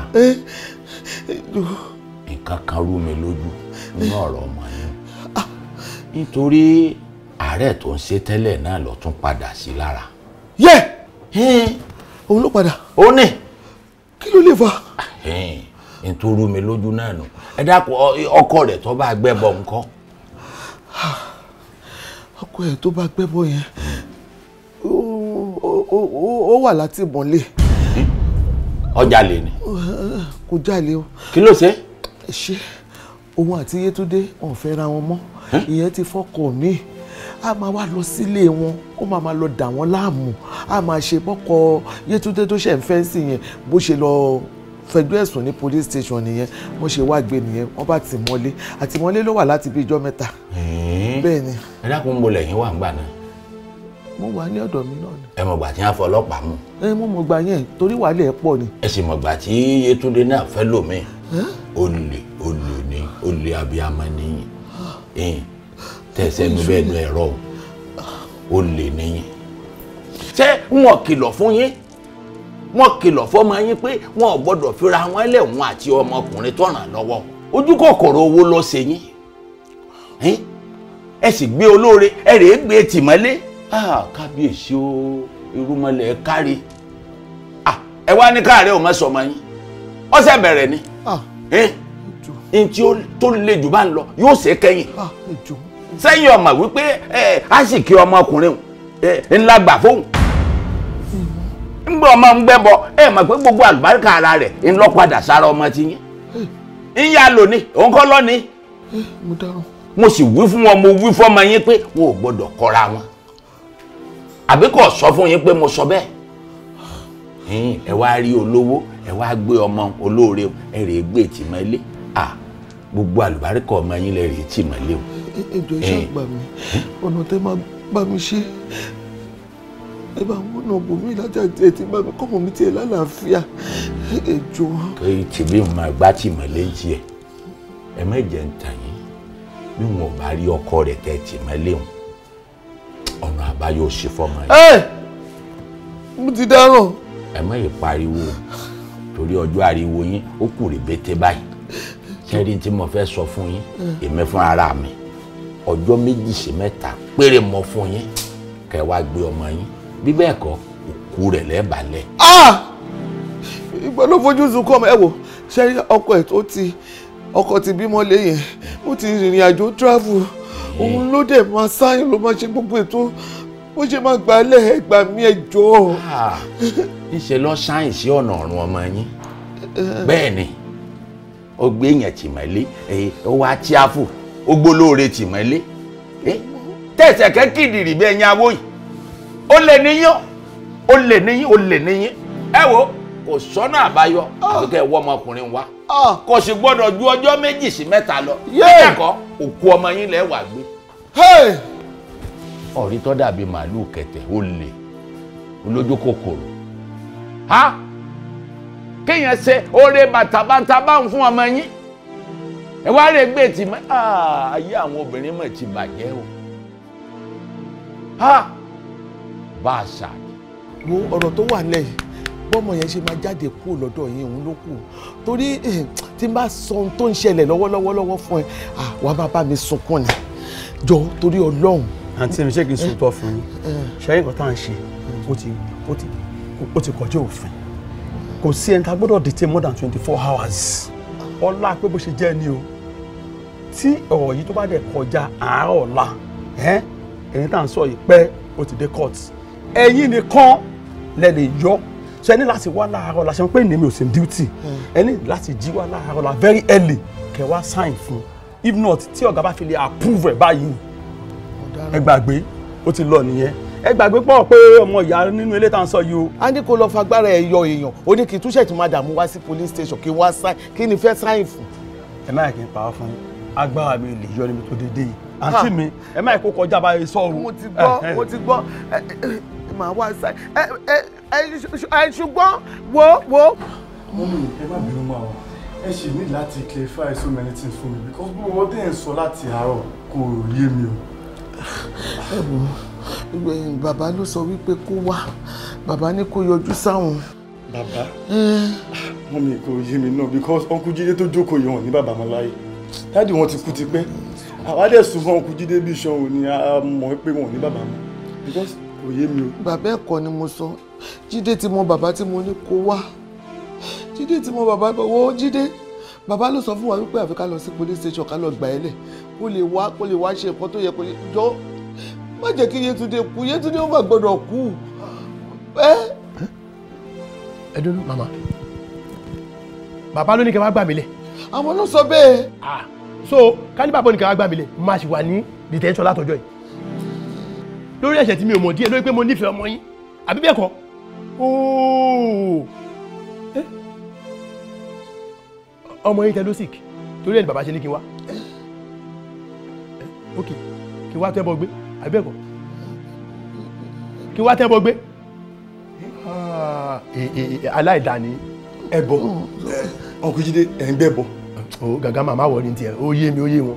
nǹkan kan rú mi lójú nínú ọ̀rọ̀ ọmọ yín ah. nítorí àárẹ̀ tó ń ṣe tẹ́lẹ̀ náà lọ tún padà sí lára. yẹ òun ló padà. ó ní. kí ló lè fa. n tó rú mi lójú náà nù ẹ dákun ọkọ rẹ tó bá gbẹ bọ nǹkan. ọkọ ẹ tó bá gbẹ bọ yẹn ó wà láti mọ́lé. ọjà lè ní. kò jalè o. kí ló ṣe. ṣé òun àti Yétúndé wọn ò fẹ́ ra wọn mọ́ ìyẹn ti fọkọ mi. Hmm? a máa wá lọ sílé wọn ó máa máa lọ dà wọ́n láàmú a máa ṣe bọ́kọ Yétúndé tó ṣe ń fẹ́ǹsì yẹn bó ṣe lọ fẹ̀gbẹ́ ẹ̀sùn ní police station nìyẹn wọ́n ṣe wá gbé nìyẹn wọ́n bá tì mọ́lé àtìmọ́lé ló wà láti bí ijọ́ mẹ́ta. bẹ́ẹ̀ ni. ẹ dákun ń bolẹ̀ yín wà ń gbà náà mo wà ní ọ̀dọ̀ mi náà ni. ẹ mọ̀gbà tí wọ́n fọ ọlọ́pàá mú. ẹ mo mọ̀gbà yẹn torí wàhálẹ̀ ẹ̀ pọ̀ ni. ẹ sì mọ̀gbà tí Yétúndé náà fẹ́ lómi. olè olè ni olè abiyamọ nìyí. tẹ̀sẹ̀ nu bẹ́ẹ̀ nu ẹ̀rọ o ah, lè níyìn ṣé wọn kìlọ̀ fún yín wọn kìlọ̀ fọmọ yín pé wọn ò fira wọn lẹ̀ wọn àti ọmọkùnrin tó lọ́wọ́ ojú owó lọ ṣe yín ẹ sì gbé olóore ẹ rèé gbé tìmọ́lé ah, kábíyèsí o irúmọlẹ̀ kárí ah, ẹ wá ní sẹ́yìn ọmọ wípé ẹ àṣìkí ọmọkùnrin ńlá gbà fóun ńgbọ́ ọmọ ń gbẹ́bọ ẹ mọ̀ pé gbogbo àlùbáríkà ara rẹ̀ ńlọ padà sára ọmọ ti yín ńyá lónìí òun kọ́ lónìí mo sì wí fún wọn mo wí fọ́mọ yín pé wọn ò gbọ́dọ̀ kọra wọn àbí kò sọ fún yín pé mo sọ bẹ́ẹ̀ ẹ wá rí olówó ẹ wá gbé ọmọ olóore ẹ rèé gbé tìmọ́ ilé gbogbo àlùbáríkà ọmọ yín lè rèé tìmọ́ ilé o ẹjọ iṣẹ àgbà mi ọ̀nà tẹ máa bá mi ṣe ẹ bá ń wọnà bòmí lájà ẹ ti bá mi kọ́mọ mi tiẹ̀ lálàáfíà ẹjọ. kò ì tìbí máa gbá tì mọ́lẹ̀ jẹ ẹ má jẹ́ ń tàn yín bí wọn ò bá rí ọkọ rẹ̀ tẹ́ tì mọ́lẹ̀ wọn ọ̀nà àbáyọ ò ṣe fọmọ yìí. mo ti dáràn. ẹ má yìí pariwo torí ọjọ́ ariwo yín ó kù rèbété báyìí kẹ́rin tí mo fẹ́ sọ fún yín èmi fún ara mi ọjọ́ méjì sí mẹ́ta péré mọ fún yín kẹ́ wá gbé ọmọ yín bí bẹ́ẹ̀ kọ́ òkú rẹ̀ lẹ́bàálẹ̀. Ah! ìgbà ló fojú sunkún ọmọ ẹ wò ṣe ọkọ ẹ tó ti ọkọ ti bímọ lẹ́yìn ó ti rìnrìn àjò travel òun ló dẹ̀ máa sáyìn ló máa ṣe gbogbo ètò ó ṣe máa gbà lẹ̀ ẹ gbà mí ẹ jọ̀ọ́. Ah! níṣẹ́ lọ sáyìn sí ọ̀nà ọ̀run ọmọ yín bẹ́ẹ̀ ni ó gbé yẹn tì mọ́lé ó wá tíáfù ó gbólóore tì mọ́lé tẹ̀sẹ̀ kẹ́ kìdìrì bẹ́ẹ̀ yan awó yìí ó lè níyàn ó lè níyàn ó lè níyàn ẹ wo kò sọ́nà àbáyọ àti kẹ́ ẹ wọ́ ọmọkùnrin wa kò sì gbọ́dọ̀ ju ọjọ́ méjì sí mẹ́ta lọ kẹ́kọ̀ọ́ òkú ọmọ yín lẹ́ wà gbé. ọ̀rí tó dàbí màálùú kẹ̀tẹ̀ ó lè olójú kòkòrò ha kéèyàn ṣe oore bàtàbàtà báwọn fún ọmọ yín ẹ wá rè gbé tì mọ́ ah, ayé àwọn obìnrin mọ̀ ti bàjẹ́ o ha bá a ṣàkí. wo ọ̀rọ̀ tó wà lẹ́yìn bọ́mọ yẹn ṣe máa jáde kúrò lọ́dọ̀ yín òun ló kù torí eh, tí n bá sọ ohun tó ń ṣẹlẹ̀ lọ́wọ́lọ́wọ́ lọ́wọ́ fún ẹ ah, wà á bá bá mi sunkún ni jọ torí ọlọ́run. àǹtí mi ṣé kí n fún yín eh, eh. ṣẹ́yìn nǹkan tá à ń ṣe ó ti kọjá òfin kò sí ẹni tá a gbọ́dọ̀ dìtẹ̀ more than twenty four hours ọlá pé bó ṣe jẹ́ ni o tí ọ̀rọ̀ yìí tó bá dẹ̀ kọjá àárọ̀ ọ̀la ẹ̀yin tá à ń sọ yìí pé ó ti dé court ẹ̀yin nìkan lẹ lè yọ so ẹni láti wá láàárọ̀ la ṣe pé èmi ò sí duty ẹni láti jí wá láàárọ̀ la very early kẹ wá sign fún if not tí ọ̀gá bá fi lè approve ẹ̀ báyìí ẹ gbàgbé ó ti lọ nìyẹn ẹ gbàgbé pọ̀ pé ọmọ ìyá nínú ilé tá à ń sọ yìí o. a ní kó lọ fagbára ẹ yọ èèyàn ó ní kí n túṣẹ̀ tí madam wá sí police station kí wá sign kí n fẹ́ sign fún. ẹ má yà kí n pa á fún yín agbára mi lè yọ níbi tó dédé yìí àǹtí mi ẹ má kó kọjá báyìí sọ̀rọ̀. mo ti gbọ́ mo ti gbọ́ màá wá sa ẹ ṣùgbọ́n wo wo. mọ́mí ẹ má bínú máa wá ẹ ṣì ní láti clarify so many things fún mi because bí wọ́n dẹ̀ ń sọ láti àárọ̀ kò yé mi o. ẹ wò ó bàbá ló sọ wípé kó wá bàbá ní kó yọjú sáwọn. bàbá mọ́mí kò yé mi náà because uncle jíde tó jókòó yẹn ò ní bàbá mọ́ láyé dáàdì wọn ti kú ti pẹ́ àwa dẹ̀ sùn fún ọkùnrin jíde bíi iṣan òní àmọ́ pé wọn ò ní bàbá mọ́ because kò yé mi o. bàbá ẹ̀kọ́ ni mo sọ jíde ti mọ bàbá tí mo ní kó wá jíde ti mọ bàbá wo jíde bàbá ló sọ fún wa wípé àfi ká lọ sí police station ká lọ gbà ẹ́ lẹ̀ kó lè wá kó lè wá ṣe nǹkan tó yẹ kó lè jọ má jẹ́ kí Yétúndé kú Yétúndé ó má gbọ́dọ̀ kú ẹ dúró màmá bàbá ló ní kí n wá gbà mí lẹ̀ àwọn ló sọ bẹ́ẹ̀. ah so kálíbà bọ́ nìkan agbá mi lẹ̀ máa ṣì wà ní detention látọjọ́ yìí lórí ẹ̀ṣẹ̀ tí mi ò mọ̀ díẹ̀ lórí pé mo nífẹ̀ẹ́ ọmọ yín àbí bẹ́ẹ̀ kọ́ ooo ọmọ yín tẹ́ló sick torí ẹni bàbá ṣe ní kí n wá ok kí n wá tẹ́bọ̀ gbé àbí bẹ́ẹ̀ kọ́ kí n wá tẹ́bọ̀ gbé ah, aláìdáni ẹbọ ọkùnrin jíde ẹ̀ ń gbẹ́bọ̀ o gàgà màmá wọ̀ ní tiẹ̀ ó yé mi ó yé wọn.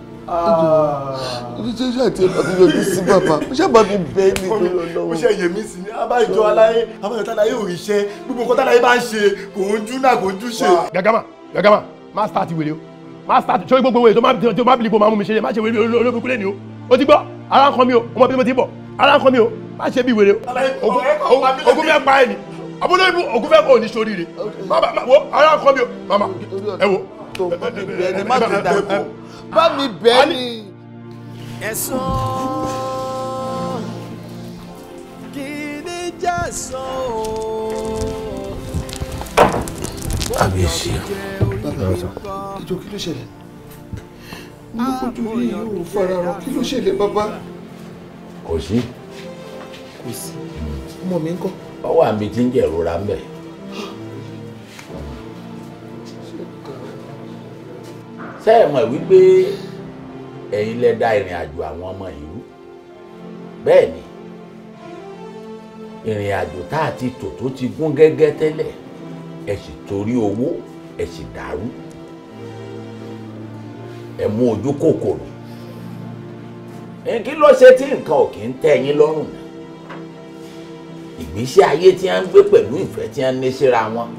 ibi tí ṣe àti ẹ̀bà mi yọjú sí bàbá mo ṣe bá mi bẹ́ ní ìlú ọlọ́wọ́. mo ṣe yèmí sí ni abájọ aláyé abájọ táláyé ò ríṣẹ́ gbogbo nǹkan táláyé bá ń ṣe kò ń jú náà kò ń jú ṣe. gàgàmà gàgàmà má start wèrè o má start ṣé gbogbo wèrè tó má bìlì kó má mú mi ṣe má ṣe wèrè olóògùn lẹ́ni o ó ti gbọ́ ara ń kọ́ mi o ọmọ bí mo ti bọ̀ ara ń kọ́ mi o má ṣe bí wèrè o ogun fẹ́ pa ẹ̀ ni abúlé ogun fẹ́ kọ́ ò ní sóríire má bàa wo ara ń kọ́ mi o màmá ẹ wo tó má mi bẹ́ẹ̀ ni má mi dà kú má mi bẹ́ẹ̀ ni. ẹ̀sán kì í ní jà sàn o. kábíyèsí ìjọ kí ló ṣẹlẹ̀ mo kojú rí òun farahàn kí ló ṣẹlẹ̀ bàbá. kò sí. kò sí. ọmọ mi ń kọ́. ọwọ́ àmì ti ń jẹ̀rora ń bẹ̀. tẹ́ ẹ̀ mọ̀ wípé ẹ̀yin lẹ dá ìrìn àjò àwọn ọmọ ìlú bẹ́ẹ̀ ni ìrìn àjò tá a ti tò tó ti gún gẹ́gẹ́ tẹ́lẹ̀ ẹ̀ sì torí owó ẹ̀ sì dàrú ẹ̀ mú ojú kòkòrò kí ló ṣe tí nǹkan ò kì í tẹ́ yín lọ́rùn ìgbésí ayé tí wọ́n ń gbé pẹ̀lú ìfẹ́ tí wọ́n ń ní síra wọn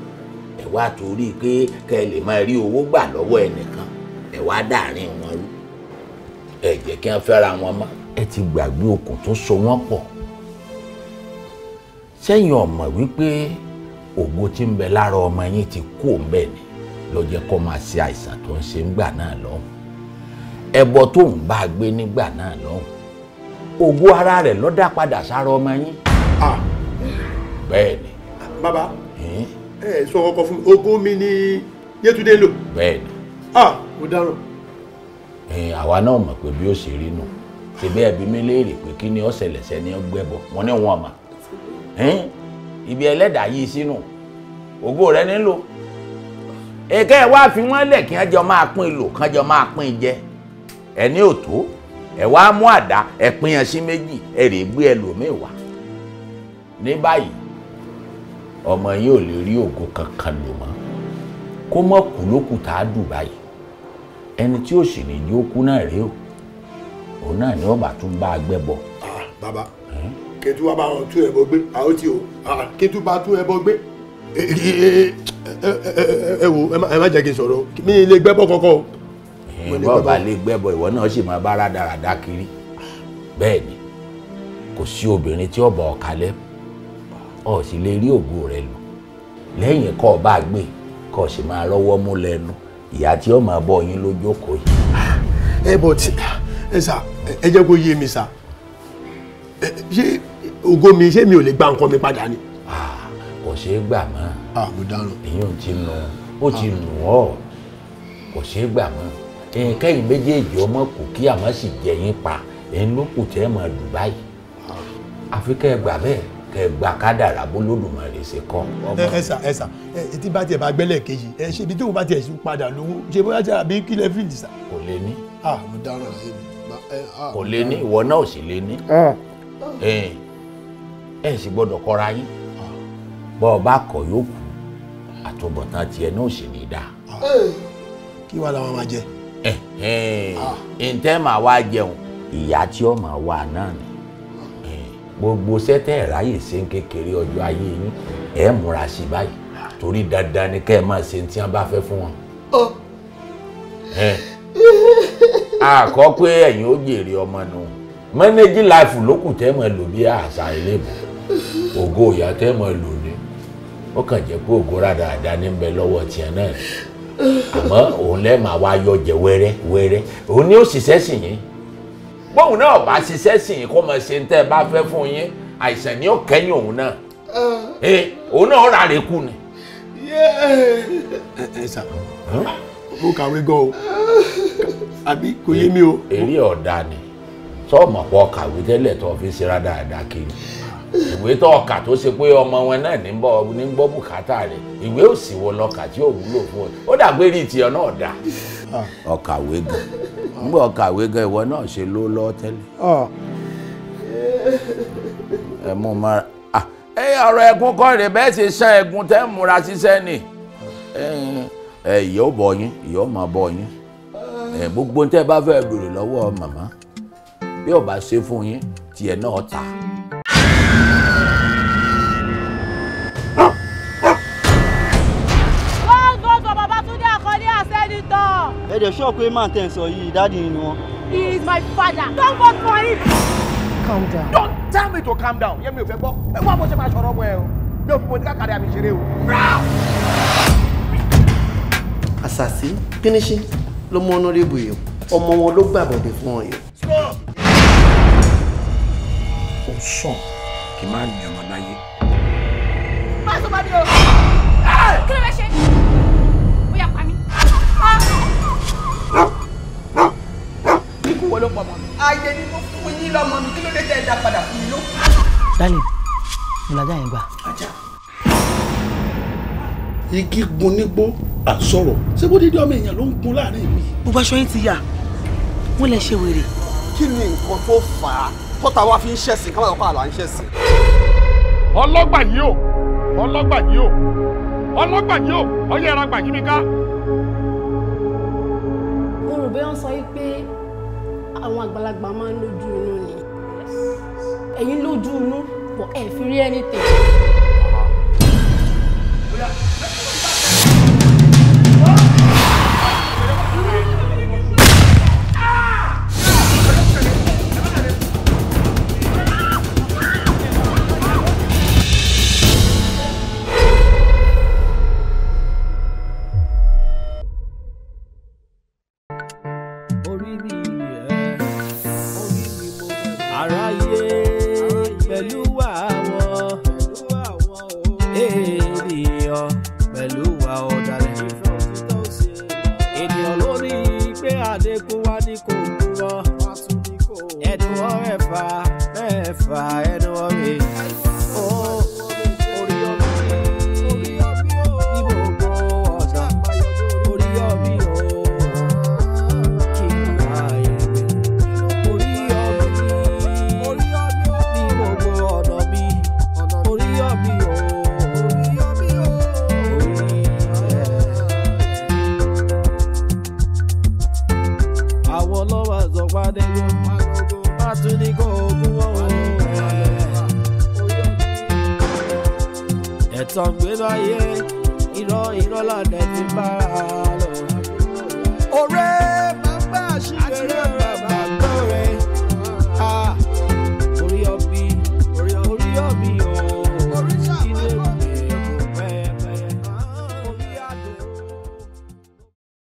ẹ̀ wá torí pé kẹ́ ẹ lè máa rí owó gbà lọ́wọ́ ẹnìkan ẹ wá dàrin wọn rú ẹ jẹ́ kí wọ́n fẹ́ra wọn mọ́ ẹ ti gbàgbé okùn tó so wọ́n pọ̀ sẹ́yìn ọmọ wípé ògo tí ń bẹ lára ọmọ yín ti kú òǹbẹ̀ ni ló jẹ́ kó máa ṣe àìsàn tó ń ṣe ńgbà náà lọ́hùn ẹbọ tó ń bá a gbé nígbà náà lọ́hùn ògo ara rẹ̀ ló dá padà sára ọmọ yín. Ah. bẹ́ẹ̀ ni. bàbá ẹ sọ kọkọ fún mi ògo mi ni Yétúndé lò. bẹ́ẹ̀ ni ó ah. dáràn. àwa náà mọ̀ pé bí ó ṣe rí nù ṣe bẹ́ẹ̀ bí mi léèrè pé kí ni ó ṣẹlẹ̀ sẹ́ni ó gbẹ́bọ wọn ní wọn mà ibi ẹlẹ́dàá yìí sínú ògo rẹ nílò èké wá fi wọ́n lẹ̀ kí wọ́n jọ máa pín lò kán jọ máa pín jẹ ẹni ò tó ẹ wá mú àdá ẹ pín yẹn sí méjì ẹ rè gbé ẹlòmíì wá ní báyìí ọmọ yìí ò lè rí ògo kankan lò mọ́ kó mọ̀ kú lókù tá a dùn báyìí ẹni tí ò sì ní yóò kú náà rèé o òun náà ni ọba tún bá a gbẹ bọ. Ah, bàbá kẹtù wa bá wọn tún ẹbọ gbé àwọn tí o ah, kẹtù bá tún ẹbọ gbé eh, eh, eh, ẹ wo ẹ má jẹ́ kí n sọ̀rọ̀ mi lè gbẹ́bọ̀ kọ́kọ́ o. bọ́ọ̀bà lè gbẹ́bọ̀ ìwọ náà sì máa bá rádaràda kiri bẹ́ẹ̀ ni kò sí obìnrin tí ọba ọ̀kalẹ̀ ọ̀ sì lè rí ògo rẹ̀ lò lẹ́yìn kọ́ ọba gbé e kò sì máa lọ́wọ́ mú lẹ́nu ìyá tí ó máa bọ́ yín lójókòó yìí. ẹ bọ̀ tí ẹ sà ẹ jẹ́ kó yé mi sà ṣé ògo mi ṣé mi ò lè gba nǹkan mi padà ni. Ah, kò ṣeé gbà mọ́ èyàn ah, ti nù ó ti ah. nù ọ́ kò ṣeé gbà mọ́ nǹkan méjèèjì ọmọ kù kí àmọ́ sì jẹ yín pa ẹ̀yin ló kù tẹ́ Dubai àfi kẹ́ ẹ gbà bẹ́ẹ̀ kẹ gba kádàrà bó lódùmarè ṣe kọ. ẹ sà ẹ sà ẹ tí bá tiẹ̀ bá gbẹ́lẹ̀ kejì ẹ ṣe ibi tí òun bá tiẹ̀ padà lówó ṣe bóyá tí àbí kílẹ̀ fìdí sà. kò lè ní. mo dáná sí mi. kò lè ní ìwọ náà ò sì lè ní. ẹ sì gbọ́dọ̀ kọ́ra yín bọ́ ọ bá kọ̀ yóò kú àtúbọ̀tán tiẹ̀ náà ò sì ní dáa. kí wàá làwọn máa jẹ. ǹtẹ́ màá wá jẹun ìyá tí ó máa wà náà ni gbogbo sẹ́tẹ̀ ráyè ṣe ń kékeré ọjọ́ ayé yín ẹ̀ múra sí báyìí torí dandan ni kẹ́ ẹ máa ṣe tí wọ́n bá fẹ́ fún wọn. àkọ́kọ́ ẹ̀yin ó jèrè ọmọ nù mẹ́nẹ́jì láìfù lókùn tẹ́ mọ̀ lò bí àṣà ilé ìbò ògo ìyá tẹ́ mọ̀ lò ní ó kàn jẹ́ pé ògo rádaràda ní bẹ lọ́wọ́ tiẹ̀ náà àmọ́ òun lẹ́ẹ̀ máa wá yọ jẹ wẹ́rẹ́ wẹ́rẹ́ òun ni ó ṣiṣẹ́ sì yín. bóun náà bá ṣiṣẹ́ sìn kó mọ̀ ṣe ń tẹ́ bá fún yín àìsàn ni ó kẹ́yìn òun náà eh. Eh, òun náà rà rẹ̀ kù ni. ẹ eh, mo kàwé gan o o. èrè ọ̀dà ni sọ́ọ̀mọ̀ pọ̀ kàwé tẹ́lẹ̀ tó fi ṣera dáadáa kiri ìwé tó ọkà tó ṣe pé ọmọ wọn náà ní bọ́ ní gbọ́ bùkátà rẹ̀ ìwé òsì wo tí ò fún ọ ọkàwé ah. gan nígbà kàwé gan ìwọ náà ṣe ló lọ tẹ́lẹ̀. ẹ mú mara ẹ ọ̀rọ̀ ẹ̀gún kọ́ rè bẹ́ẹ̀ ti ṣan ẹ̀gún tẹ́ múra ṣiṣẹ́ ni ẹ ìyá ò bọ̀ yín ìyá ò máa bọ̀ yín ẹ gbogbo tẹ́ bá fẹ́ béèrè lọ́wọ́ màmá bí ó bá ṣe fún yín tiẹ̀ náà ta. doctor. ẹ dẹ̀ sọ pé máa tẹ̀ sọ yìí dáàdi ni wọn. he is my father don't vote for him. calm down. don't tell me to calm down yẹ́n mi ò fẹ́ gbọ́ ẹ wá bó ṣe máa ṣọ̀rọ̀ ọmọ ẹ o mi ò fi pọ̀nìkà kárí àmì ìṣeré o. àṣàṣì pínísì ló mú ọ̀nàrẹ́bù yìí ọmọ wọn ló gbàbọ̀dẹ̀ fún ọ yìí. ó sàn kí n má ní ọmọ láyé. má sọ bá mi o. ayé ni mo fún yín lọ́mọ mi kí ló dé tẹ́ ẹ dá padà fún mi ló. dálẹ̀ bùlájà yẹn gbà. igi gun nígbó àsọ̀rọ̀ ṣé bó dídí ọmọ èèyàn ló ń gun láàrin mi. gbogbo aṣọ yín ti yà wọ́n lè ṣe wèrè. kí ni nǹkan tó fà á tọ́ta wa fi ń ṣẹ̀sìn káwọn ọkọ àlọ́ à ń ṣẹ̀sìn. ọlọ́gbà yìí o ọlọ́gbà yìí o ọlọ́gbà yìí o ọyẹ́ ara gbà yí mi ká. olùbẹ́ wọn sọ wípé àwọn àgbàlagbà máa ń lójú inú ni ẹ̀yin lójú inú pọ̀ ẹ̀ fi rí anything.